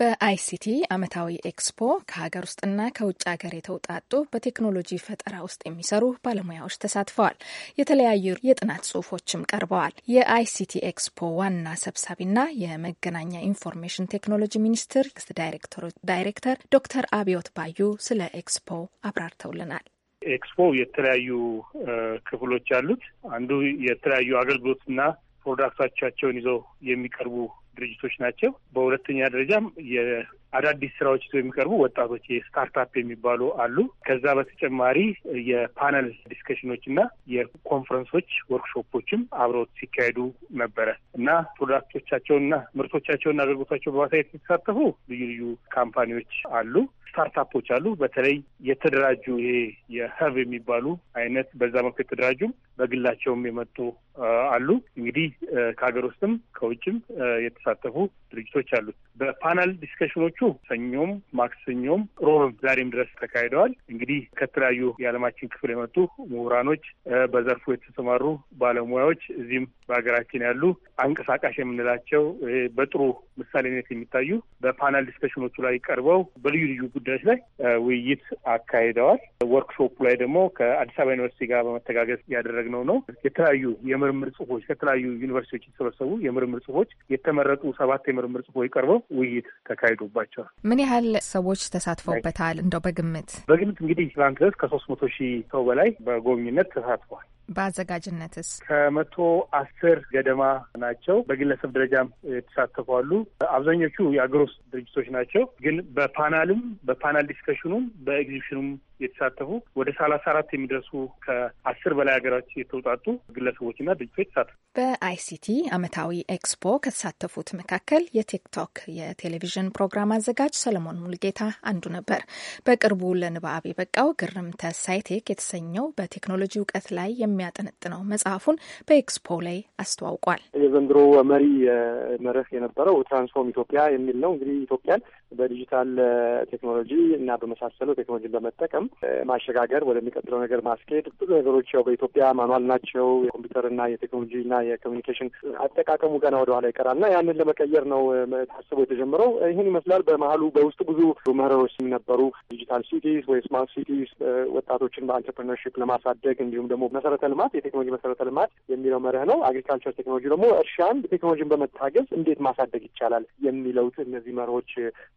በአይሲቲ ዓመታዊ ኤክስፖ ከሀገር ውስጥና ከውጭ ሀገር የተውጣጡ በቴክኖሎጂ ፈጠራ ውስጥ የሚሰሩ ባለሙያዎች ተሳትፈዋል። የተለያዩ የጥናት ጽሁፎችም ቀርበዋል። የአይሲቲ ኤክስፖ ዋና ሰብሳቢና የመገናኛ ኢንፎርሜሽን ቴክኖሎጂ ሚኒስቴር ዳይሬክተር ዶክተር አብዮት ባዩ ስለ ኤክስፖ አብራርተውልናል። ኤክስፖ የተለያዩ ክፍሎች አሉት። አንዱ የተለያዩ አገልግሎትና ፕሮዳክቶቻቸውን ይዘው የሚቀርቡ ድርጅቶች ናቸው። በሁለተኛ ደረጃም የአዳዲስ ስራዎች ይዘው የሚቀርቡ ወጣቶች የስታርታፕ የሚባሉ አሉ። ከዛ በተጨማሪ የፓነል ዲስከሽኖች እና የኮንፈረንሶች ወርክሾፖችም አብረው ሲካሄዱ ነበረ እና ፕሮዳክቶቻቸውንና ምርቶቻቸውና አገልግሎታቸው በማሳየት የተሳተፉ ልዩ ልዩ ካምፓኒዎች አሉ። ስታርታፖች አሉ። በተለይ የተደራጁ ይሄ የሀብ የሚባሉ አይነት በዛ መልኩ የተደራጁም በግላቸውም የመጡ አሉ። እንግዲህ ከሀገር ውስጥም ከውጭም የተሳተፉ ድርጅቶች አሉ። በፓናል ዲስከሽኖቹ ሰኞም፣ ማክሰኞም፣ ሮብም ዛሬም ድረስ ተካሂደዋል። እንግዲህ ከተለያዩ የዓለማችን ክፍል የመጡ ምሁራኖች፣ በዘርፉ የተሰማሩ ባለሙያዎች እዚህም በሀገራችን ያሉ አንቀሳቃሽ የምንላቸው በጥሩ ምሳሌነት የሚታዩ በፓናል ዲስከሽኖቹ ላይ ቀርበው በልዩ ልዩ ጉዳዮች ላይ ውይይት አካሂደዋል። ወርክሾፑ ላይ ደግሞ ከአዲስ አበባ ዩኒቨርሲቲ ጋር በመተጋገዝ ያደረግነው ነው። የተለያዩ የምርምር ጽሁፎች ከተለያዩ ዩኒቨርሲቲዎች የተሰበሰቡ የምርምር ጽሁፎች የተመረጡ ሰባት የምርምር ጽሁፎች ቀርበው ውይይት ተካሂዶባቸዋል። ምን ያህል ሰዎች ተሳትፈውበታል? እንደው በግምት በግምት እንግዲህ ትላንት ድረስ ከሶስት መቶ ሺህ ሰው በላይ በጎብኝነት ተሳትፏል። በአዘጋጅነትስ ከመቶ አስር ገደማ ናቸው። በግለሰብ ደረጃም የተሳተፉ አሉ። አብዛኞቹ የአገር ውስጥ ድርጅቶች ናቸው። ግን በፓናልም በፓናል ዲስከሽኑም በኤግዚቢሽኑም የተሳተፉ ወደ ሰላሳ አራት የሚደርሱ ከአስር በላይ ሀገራች የተውጣጡ ግለሰቦችና ድርጅቶች ተሳተፉ። በአይሲቲ ዓመታዊ ኤክስፖ ከተሳተፉት መካከል የቲክቶክ የቴሌቪዥን ፕሮግራም አዘጋጅ ሰለሞን ሙልጌታ አንዱ ነበር። በቅርቡ ለንባብ የበቃው ግርምተ ሳይቴክ የተሰኘው በቴክኖሎጂ እውቀት ላይ የሚያጠነጥነው መጽሐፉን በኤክስፖ ላይ አስተዋውቋል። የዘንድሮ መሪ መርህ የነበረው ትራንስፎርም ኢትዮጵያ የሚል ነው። እንግዲህ ኢትዮጵያን በዲጂታል ቴክኖሎጂ እና በመሳሰሉ ቴክኖሎጂን በመጠቀም ማሸጋገር ወደሚቀጥለው ነገር ማስኬድ ብዙ ነገሮች ያው በኢትዮጵያ ማኗል ናቸው። የቴክኖሎጂ የቴክኖሎጂና የኮሚኒኬሽን አጠቃቀሙ ገና ወደኋላ ይቀራል እና ያንን ለመቀየር ነው ታስቦ የተጀመረው። ይህን ይመስላል። በመሀሉ በውስጡ ብዙ መርሆች የሚነበሩ ዲጂታል ሲቲስ ወይ ስማርት ሲቲስ ወጣቶችን በአንትርፕርነርሽፕ ለማሳደግ እንዲሁም ደግሞ መሰረተ ልማት የቴክኖሎጂ መሰረተ ልማት የሚለው መርህ ነው። አግሪካልቸር ቴክኖሎጂ ደግሞ እርሻን ቴክኖሎጂን በመታገዝ እንዴት ማሳደግ ይቻላል የሚለውት እነዚህ መርሆች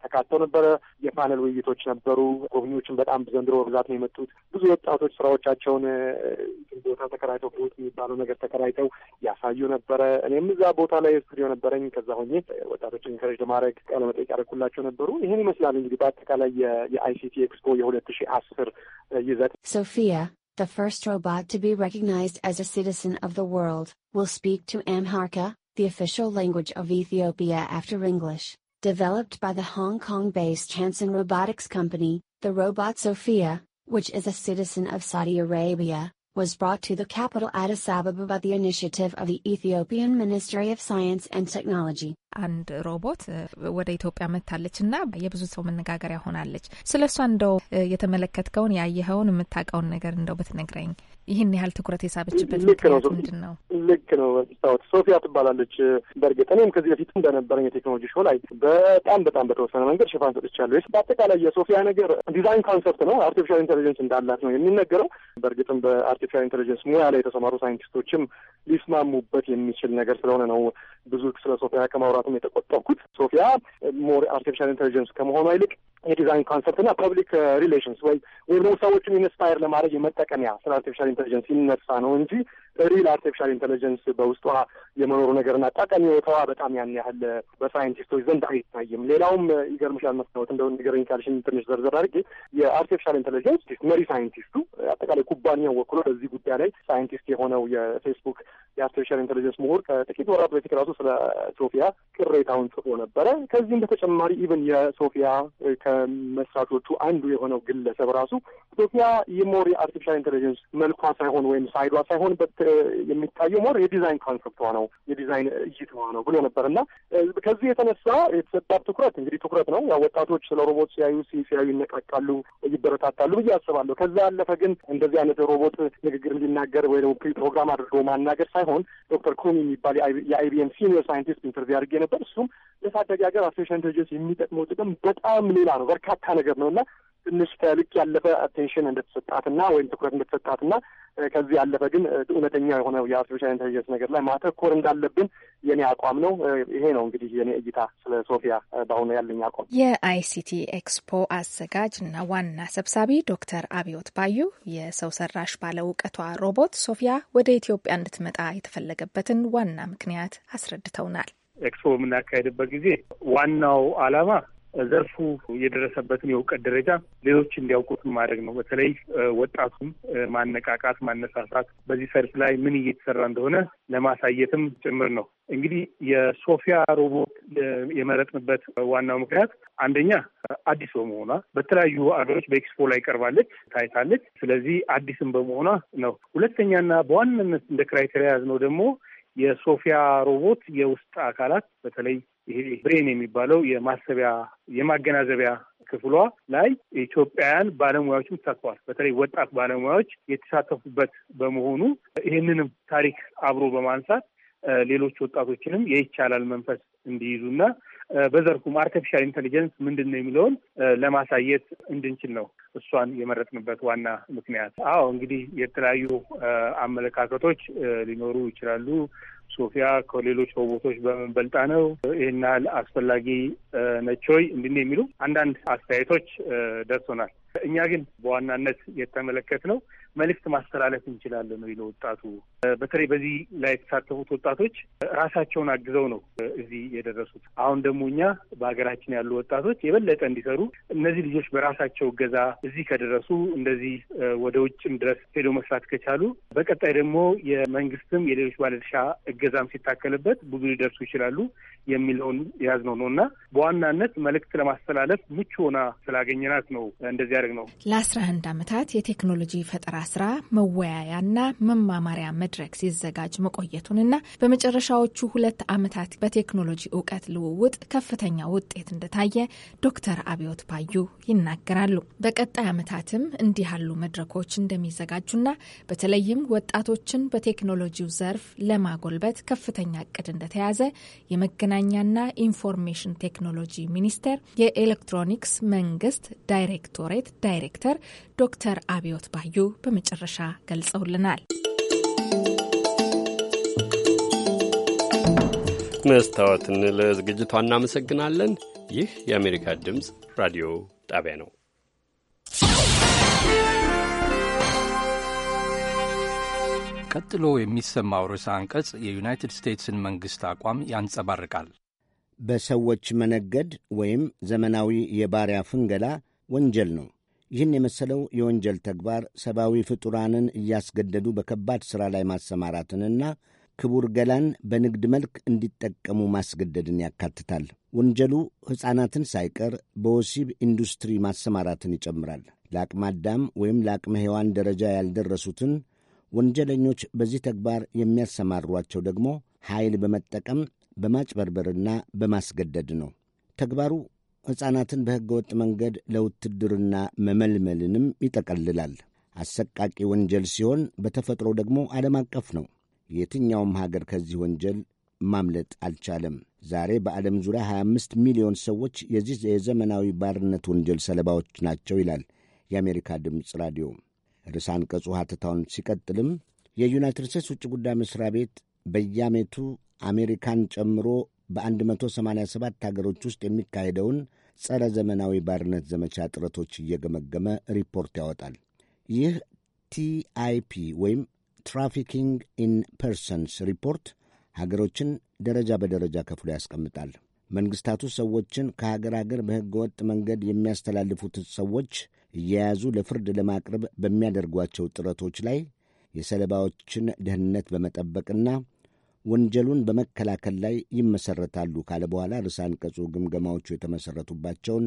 ተካቶ ነበረ። የፓነል ውይይቶች ነበሩ። ጎብኚዎችን በጣም ዘንድሮ በብዛት ነው የመጡት። ብዙ ወጣቶች ስራዎቻቸውን ቦታ ተከራይተው ቦት የሚባለው ነገር ተከራይተው ያሳዩ ነበረ። እኔም እዛ ቦታ ላይ ስቱዲዮ ነበረኝ። ከዛ ሆኜ ወጣቶችን ኢንከሬጅ ለማድረግ ቃለመጠይቅ ያደረኩላቸው ነበሩ። ይህን ይመስላል እንግዲህ በአጠቃላይ የአይሲቲ ኤክስፖ የሁለት ሺ አስር ይዘት ሶፊያ The first robot to be recognized as a citizen of the world will speak to Amharka, the official language of Ethiopia after English. Developed by the Hong Kong based Hanson Robotics Company, the robot Sophia, which is a citizen of Saudi Arabia, was brought to the capital Addis Ababa by the initiative of the Ethiopian Ministry of Science and Technology. አንድ ሮቦት uh, ወደ ኢትዮጵያ መታለች እና የብዙ ሰው መነጋገሪያ ሆናለች። ስለ እሷ እንደው uh, የተመለከትከውን ያየኸውን የምታውቀውን ነገር እንደው ብትነግረኝ። ይህን ያህል ትኩረት የሳበችበት ምንድን ነው? ልክ ነው ስታወት ሶፊያ ትባላለች። በእርግጥ እኔም ከዚህ በፊት እንደነበረኝ የቴክኖሎጂ ሾ ላይ በጣም በጣም በተወሰነ መንገድ ሽፋን ሰጥቻለሁ። በአጠቃላይ የሶፊያ ነገር ዲዛይን ኮንሰፕት ነው። አርቲፊሻል ኢንቴሊጀንስ እንዳላት ነው የሚነገረው። በእርግጥም በአርቲፊሻል ኢንቴሊጀንስ ሙያ ላይ የተሰማሩ ሳይንቲስቶችም ሊስማሙበት የሚችል ነገር ስለሆነ ነው ብዙ ስለ ሶፊያ ከማውራትም የተቆጠብኩት። ሶፊያ ሞር አርቲፊሻል ኢንቴሊጀንስ ከመሆኗ ይልቅ የዲዛይን ኮንሰፕት እና ፐብሊክ ሪሌሽንስ uh, ወይ ወይም ደግሞ ሰዎችን ኢንስፓየር ለማድረግ የመጠቀሚያ ስለ አርቲፊሻል ኢንቴሊጀንስ ይነሳ ነው እንጂ ሪል አርቲፊሻል ኢንቴሊጀንስ በውስጧ የመኖሩ ነገርና ጠቀሜታዋ በጣም ያን ያህል በሳይንቲስቶች ዘንድ አይታይም። ሌላውም ይገርምሻል መስታወት እንደሆነ ንገረኝ ካልሽኝ ትንሽ ዘርዘር አድርጌ የአርቲፊሻል ኢንቴሊጀንስ መሪ ሳይንቲስቱ አጠቃላይ ኩባንያው ወክሎ በዚህ ጉዳይ ላይ ሳይንቲስት የሆነው የፌስቡክ የአርቲፊሻል ኢንቴሊጀንስ ምሁር ከጥቂት ወራት በፊት ራሱ ስለ ሶፊያ ቅሬታውን ጽፎ ነበረ። ከዚህም በተጨማሪ ኢቨን የሶፊያ ከመስራቾቹ አንዱ የሆነው ግለሰብ ራሱ ሶፊያ የሞር የአርቲፊሻል ኢንቴሊጀንስ መልኳ ሳይሆን ወይም ሳይዷ ሳይሆን ነገር የሚታየው ሞር የዲዛይን ኮንሰፕቷ ነው የዲዛይን እይታዋ ነው ብሎ ነበር እና ከዚህ የተነሳ የተሰጣት ትኩረት እንግዲህ ትኩረት ነው። ያው ወጣቶች ስለ ሮቦት ሲያዩ ሲያዩ ይነቃቃሉ፣ ይበረታታሉ ብዬ አስባለሁ። ከዛ ያለፈ ግን እንደዚህ አይነት ሮቦት ንግግር እንዲናገር ወይ ደግሞ ፕሮግራም አድርገው ማናገር ሳይሆን ዶክተር ኩሚ የሚባል የአይቢኤም ሲኒየር ሳይንቲስት ኢንተርቪው አድርጌ ነበር። እሱም ለታዳጊ ሀገር አርቲፊሻል ኢንቴሊጀንስ የሚጠቅመው ጥቅም በጣም ሌላ ነው፣ በርካታ ነገር ነው እና ትንሽ ከልክ ያለፈ አቴንሽን እንደተሰጣትና ወይም ትኩረት እንደተሰጣትና ከዚህ ያለፈ ግን እውነተኛ የሆነ የአርቲፊሻል ኢንቴሊጀንስ ነገር ላይ ማተኮር እንዳለብን የኔ አቋም ነው። ይሄ ነው እንግዲህ የኔ እይታ ስለ ሶፊያ በአሁኑ ያለኝ አቋም። የአይሲቲ ኤክስፖ አዘጋጅ እና ዋና ሰብሳቢ ዶክተር አብዮት ባዩ የሰው ሰራሽ ባለ እውቀቷ ሮቦት ሶፊያ ወደ ኢትዮጵያ እንድትመጣ የተፈለገበትን ዋና ምክንያት አስረድተውናል። ኤክስፖ በምናካሄድበት ጊዜ ዋናው ዓላማ ዘርፉ የደረሰበትን የእውቀት ደረጃ ሌሎች እንዲያውቁት ማድረግ ነው። በተለይ ወጣቱም ማነቃቃት፣ ማነሳሳት በዚህ ሰርፍ ላይ ምን እየተሰራ እንደሆነ ለማሳየትም ጭምር ነው። እንግዲህ የሶፊያ ሮቦት የመረጥንበት ዋናው ምክንያት አንደኛ አዲስ በመሆኗ በተለያዩ አገሮች በኤክስፖ ላይ ቀርባለች፣ ታይታለች። ስለዚህ አዲስም በመሆኗ ነው። ሁለተኛና በዋናነት እንደ ክራይቴሪያ ያዝነው ደግሞ የሶፊያ ሮቦት የውስጥ አካላት በተለይ ይሄ ብሬን የሚባለው የማሰቢያ የማገናዘቢያ ክፍሏ ላይ ኢትዮጵያውያን ባለሙያዎችም ተሳትፈዋል። በተለይ ወጣት ባለሙያዎች የተሳተፉበት በመሆኑ ይህንንም ታሪክ አብሮ በማንሳት ሌሎች ወጣቶችንም የይቻላል መንፈስ እንዲይዙና በዘርፉም አርቲፊሻል ኢንቴሊጀንስ ምንድን ነው የሚለውን ለማሳየት እንድንችል ነው እሷን የመረጥንበት ዋና ምክንያት። አዎ እንግዲህ የተለያዩ አመለካከቶች ሊኖሩ ይችላሉ። ሶፊያ ከሌሎች ሮቦቶች በምን በልጣ ነው? ይህን ያህል አስፈላጊ ነች ወይ? እንዲህ የሚሉ አንዳንድ አስተያየቶች ደርሶናል። እኛ ግን በዋናነት የተመለከት ነው መልእክት ማስተላለፍ እንችላለን ወይ ለወጣቱ በተለይ በዚህ ላይ የተሳተፉት ወጣቶች ራሳቸውን አግዘው ነው እዚህ የደረሱት። አሁን ደግሞ እኛ በሀገራችን ያሉ ወጣቶች የበለጠ እንዲሰሩ እነዚህ ልጆች በራሳቸው እገዛ እዚህ ከደረሱ እንደዚህ ወደ ውጭም ድረስ ሄዶ መስራት ከቻሉ በቀጣይ ደግሞ የመንግስትም የሌሎች ባለድርሻ እገዛም ሲታከልበት ብዙ ሊደርሱ ይችላሉ የሚለውን የያዝነው ነው እና በዋናነት መልእክት ለማስተላለፍ ምቹ ሆና ስላገኘናት ነው እንደዚህ የሚያደርግ ነው። ለ11 ዓመታት የቴክኖሎጂ ፈጠራ ስራ መወያያና መማማሪያ መድረክ ሲዘጋጅ መቆየቱንና በመጨረሻዎቹ ሁለት ዓመታት በቴክኖሎጂ እውቀት ልውውጥ ከፍተኛ ውጤት እንደታየ ዶክተር አብዮት ባዩ ይናገራሉ። በቀጣይ ዓመታትም እንዲህ ያሉ መድረኮች እንደሚዘጋጁና በተለይም ወጣቶችን በቴክኖሎጂው ዘርፍ ለማጎልበት ከፍተኛ እቅድ እንደተያዘ የመገናኛና ኢንፎርሜሽን ቴክኖሎጂ ሚኒስቴር የኤሌክትሮኒክስ መንግስት ዳይሬክቶሬት ዳይሬክተር ዶክተር አብዮት ባዩ በመጨረሻ ገልጸውልናል። መስታወትን ለዝግጅቷ እናመሰግናለን። ይህ የአሜሪካ ድምፅ ራዲዮ ጣቢያ ነው። ቀጥሎ የሚሰማው ርዕሰ አንቀጽ የዩናይትድ ስቴትስን መንግሥት አቋም ያንጸባርቃል። በሰዎች መነገድ ወይም ዘመናዊ የባሪያ ፍንገላ ወንጀል ነው። ይህን የመሰለው የወንጀል ተግባር ሰብአዊ ፍጡራንን እያስገደዱ በከባድ ሥራ ላይ ማሰማራትንና ክቡር ገላን በንግድ መልክ እንዲጠቀሙ ማስገደድን ያካትታል። ወንጀሉ ሕፃናትን ሳይቀር በወሲብ ኢንዱስትሪ ማሰማራትን ይጨምራል። ለአቅመ አዳም ወይም ለአቅመ ሔዋን ደረጃ ያልደረሱትን ወንጀለኞች በዚህ ተግባር የሚያሰማሯቸው ደግሞ ኃይል በመጠቀም በማጭበርበርና በማስገደድ ነው። ተግባሩ ሕፃናትን ወጥ መንገድ ለውትድርና መመልመልንም ይጠቀልላል። አሰቃቂ ወንጀል ሲሆን በተፈጥሮ ደግሞ ዓለም አቀፍ ነው። የትኛውም ሀገር ከዚህ ወንጀል ማምለጥ አልቻለም። ዛሬ በዓለም ዙሪያ 25 ሚሊዮን ሰዎች የዚህ የዘመናዊ ባርነት ወንጀል ሰለባዎች ናቸው ይላል የአሜሪካ ድምፅ ራዲዮ። ርዕሰ አንቀጹ ሐተታውን ሲቀጥልም የዩናይትድ ስቴትስ ውጭ ጉዳይ መሥሪያ ቤት በየዓመቱ አሜሪካን ጨምሮ በ187 ሀገሮች ውስጥ የሚካሄደውን ጸረ ዘመናዊ ባርነት ዘመቻ ጥረቶች እየገመገመ ሪፖርት ያወጣል። ይህ ቲአይፒ ወይም ትራፊኪንግ ኢን ፐርሰንስ ሪፖርት ሀገሮችን ደረጃ በደረጃ ከፍሎ ያስቀምጣል። መንግስታቱ ሰዎችን ከሀገር ሀገር በሕገ ወጥ መንገድ የሚያስተላልፉት ሰዎች እየያዙ ለፍርድ ለማቅረብ በሚያደርጓቸው ጥረቶች ላይ የሰለባዎችን ደህንነት በመጠበቅና ወንጀሉን በመከላከል ላይ ይመሰረታሉ ካለ በኋላ ርዕሰ አንቀጹ ግምገማዎቹ የተመሠረቱባቸውን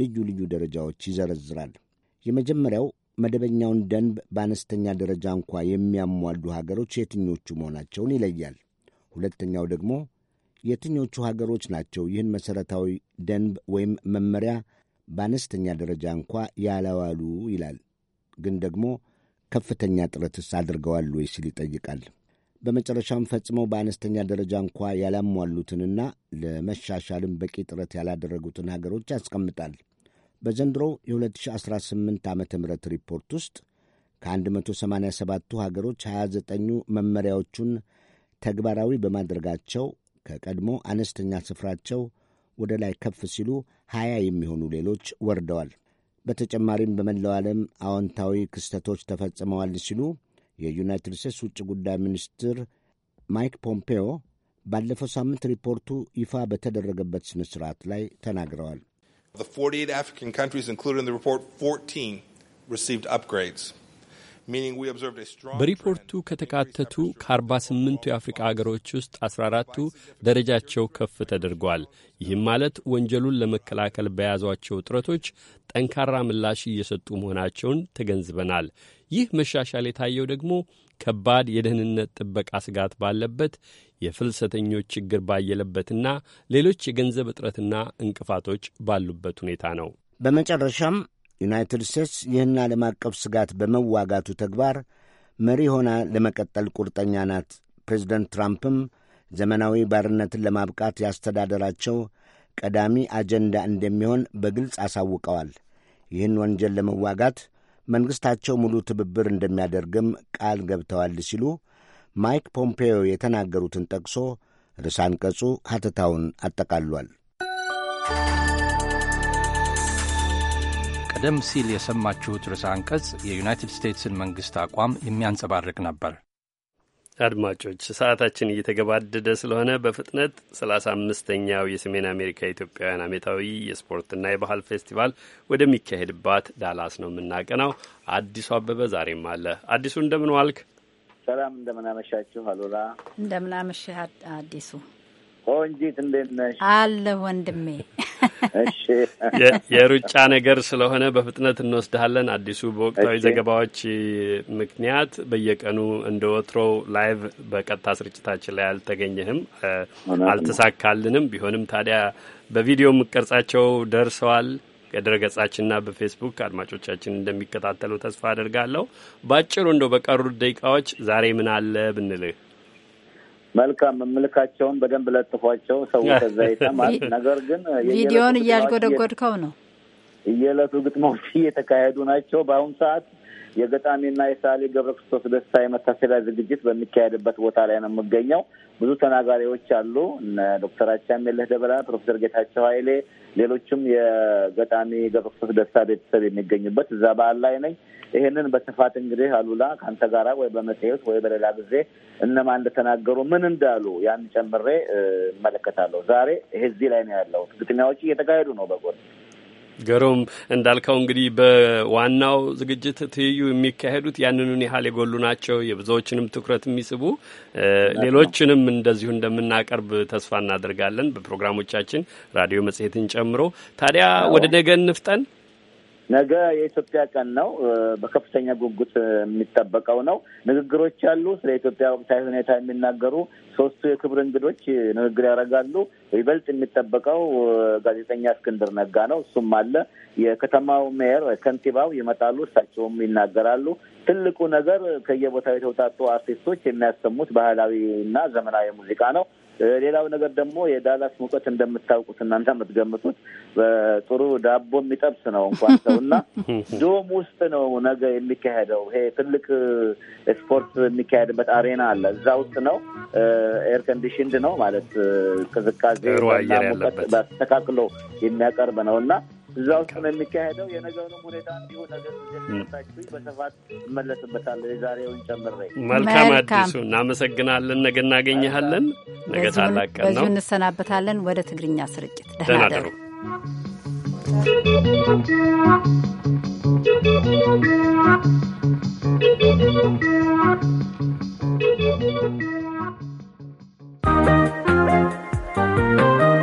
ልዩ ልዩ ደረጃዎች ይዘረዝራል። የመጀመሪያው መደበኛውን ደንብ በአነስተኛ ደረጃ እንኳ የሚያሟሉ ሀገሮች የትኞቹ መሆናቸውን ይለያል። ሁለተኛው ደግሞ የትኞቹ ሀገሮች ናቸው ይህን መሠረታዊ ደንብ ወይም መመሪያ በአነስተኛ ደረጃ እንኳ ያላዋሉ ይላል። ግን ደግሞ ከፍተኛ ጥረትስ አድርገዋል ወይ ሲል ይጠይቃል። በመጨረሻም ፈጽመው በአነስተኛ ደረጃ እንኳ ያላሟሉትንና ለመሻሻልም በቂ ጥረት ያላደረጉትን ሀገሮች ያስቀምጣል። በዘንድሮው የ2018 ዓ ም ሪፖርት ውስጥ ከ187ቱ ሀገሮች 29ኙ መመሪያዎቹን ተግባራዊ በማድረጋቸው ከቀድሞ አነስተኛ ስፍራቸው ወደ ላይ ከፍ ሲሉ 20 የሚሆኑ ሌሎች ወርደዋል። በተጨማሪም በመላው ዓለም አዎንታዊ ክስተቶች ተፈጽመዋል ሲሉ የዩናይትድ ስቴትስ ውጭ ጉዳይ ሚኒስትር ማይክ ፖምፔዮ ባለፈው ሳምንት ሪፖርቱ ይፋ በተደረገበት ስነ ስርዓት ላይ ተናግረዋል። በሪፖርቱ ከተካተቱ ከ 48 የአፍሪቃ የአፍሪካ አገሮች ውስጥ 14 ደረጃቸው ከፍ ተደርጓል። ይህም ማለት ወንጀሉን ለመከላከል በያዟቸው ጥረቶች ጠንካራ ምላሽ እየሰጡ መሆናቸውን ተገንዝበናል። ይህ መሻሻል የታየው ደግሞ ከባድ የደህንነት ጥበቃ ስጋት ባለበት የፍልሰተኞች ችግር ባየለበትና ሌሎች የገንዘብ እጥረትና እንቅፋቶች ባሉበት ሁኔታ ነው። በመጨረሻም ዩናይትድ ስቴትስ ይህን ዓለም አቀፍ ስጋት በመዋጋቱ ተግባር መሪ ሆና ለመቀጠል ቁርጠኛ ናት። ፕሬዚደንት ትራምፕም ዘመናዊ ባርነትን ለማብቃት ያስተዳደራቸው ቀዳሚ አጀንዳ እንደሚሆን በግልጽ አሳውቀዋል። ይህን ወንጀል ለመዋጋት መንግሥታቸው ሙሉ ትብብር እንደሚያደርግም ቃል ገብተዋል ሲሉ ማይክ ፖምፔዮ የተናገሩትን ጠቅሶ ርዕሰ አንቀጹ ሐተታውን አጠቃልሏል። ቀደም ሲል የሰማችሁት ርዕሰ አንቀጽ የዩናይትድ ስቴትስን መንግሥት አቋም የሚያንጸባርቅ ነበር። አድማጮች ሰዓታችን እየተገባደደ ስለሆነ በፍጥነት ሰላሳ አምስተኛው የሰሜን አሜሪካ ኢትዮጵያውያን ዓመታዊ የስፖርትና የባህል ፌስቲቫል ወደሚካሄድባት ዳላስ ነው የምናቀናው። አዲሱ አበበ ዛሬም አለ። አዲሱ እንደምን ዋልክ? ሰላም እንደምናመሻችሁ አሉላ። እንደምናመሽህ አዲሱ ቆንጂት እንዴት ነሽ? አለሁ ወንድሜ። እሺ የሩጫ ነገር ስለሆነ በፍጥነት እንወስድሃለን። አዲሱ በወቅታዊ ዘገባዎች ምክንያት በየቀኑ እንደ ወትሮ ላይቭ በቀጥታ ስርጭታችን ላይ አልተገኘህም፣ አልተሳካልንም። ቢሆንም ታዲያ በቪዲዮ የምቀርጻቸው ደርሰዋል። ከድረገጻችንና በፌስቡክ አድማጮቻችን እንደሚከታተሉ ተስፋ አድርጋለሁ። በአጭሩ እንደው በቀሩት ደቂቃዎች ዛሬ ምን አለ ብንልህ መልካም መምልካቸውን በደንብ ለጥፏቸው ሰው ከዛ ይሰማል። ነገር ግን ቪዲዮን እያሽጎደጎድከው ነው። የዕለቱ ግጥሞች እየተካሄዱ ናቸው በአሁኑ ሰዓት የገጣሚና የሳሌ ገብረ ክርስቶስ ደስታ የመታሰቢያ ዝግጅት በሚካሄድበት ቦታ ላይ ነው የምገኘው። ብዙ ተናጋሪዎች አሉ። እነ ዶክተር አቻምየለህ ደበላ፣ ፕሮፌሰር ጌታቸው ኃይሌ፣ ሌሎችም የገጣሚ ገብረ ክርስቶስ ደስታ ቤተሰብ የሚገኙበት እዛ በዓል ላይ ነኝ። ይህንን በስፋት እንግዲህ አሉላ ከአንተ ጋር ወይ በመጽሔት ወይ በሌላ ጊዜ እነማን እንደተናገሩ ምን እንዳሉ ያን ጨምሬ እመለከታለሁ። ዛሬ ይሄ እዚህ ላይ ነው ያለው። ግጥሚያዎች እየተካሄዱ ነው በጎን ገሮም እንዳልከው እንግዲህ በዋናው ዝግጅት ትይዩ የሚካሄዱት ያንኑን ያህል የጎሉ ናቸው። የብዙዎችንም ትኩረት የሚስቡ ሌሎችንም እንደዚሁ እንደምናቀርብ ተስፋ እናደርጋለን በፕሮግራሞቻችን ራዲዮ መጽሔትን ጨምሮ። ታዲያ ወደ ነገ እንፍጠን። ነገ የኢትዮጵያ ቀን ነው። በከፍተኛ ጉጉት የሚጠበቀው ነው። ንግግሮች አሉ። ስለ ኢትዮጵያ ወቅታዊ ሁኔታ የሚናገሩ ሶስቱ የክብር እንግዶች ንግግር ያደርጋሉ። ይበልጥ የሚጠበቀው ጋዜጠኛ እስክንድር ነጋ ነው። እሱም አለ። የከተማው ሜየር ከንቲባው ይመጣሉ፣ እሳቸውም ይናገራሉ። ትልቁ ነገር ከየቦታው የተውጣጡ አርቲስቶች የሚያሰሙት ባህላዊ እና ዘመናዊ ሙዚቃ ነው። ሌላው ነገር ደግሞ የዳላስ ሙቀት እንደምታውቁት እናንተ የምትገምቱት በጥሩ ዳቦ የሚጠብስ ነው እንኳን ሰው እና ዶም ውስጥ ነው ነገ የሚካሄደው። ይሄ ትልቅ ስፖርት የሚካሄድበት አሬና አለ። እዛ ውስጥ ነው። ኤር ኮንዲሽንድ ነው ማለት ቅዝቃዜ ሙቀት ተካክሎ የሚያቀርብ ነው እና እዛ ውስጥ ነው የሚካሄደው። የነገሩንም ሁኔታ እንዲሁ ነገር ዘታችሁ በስፋት እመለስበታለሁ የዛሬውን ጨምሬ። መልካም አዲሱ፣ እናመሰግናለን። ነገ እናገኘሃለን። ነገ ታላቅ ቀን ነው። በዚሁ እንሰናበታለን። ወደ ትግርኛ ስርጭት ደህና ደሩ። Thank you.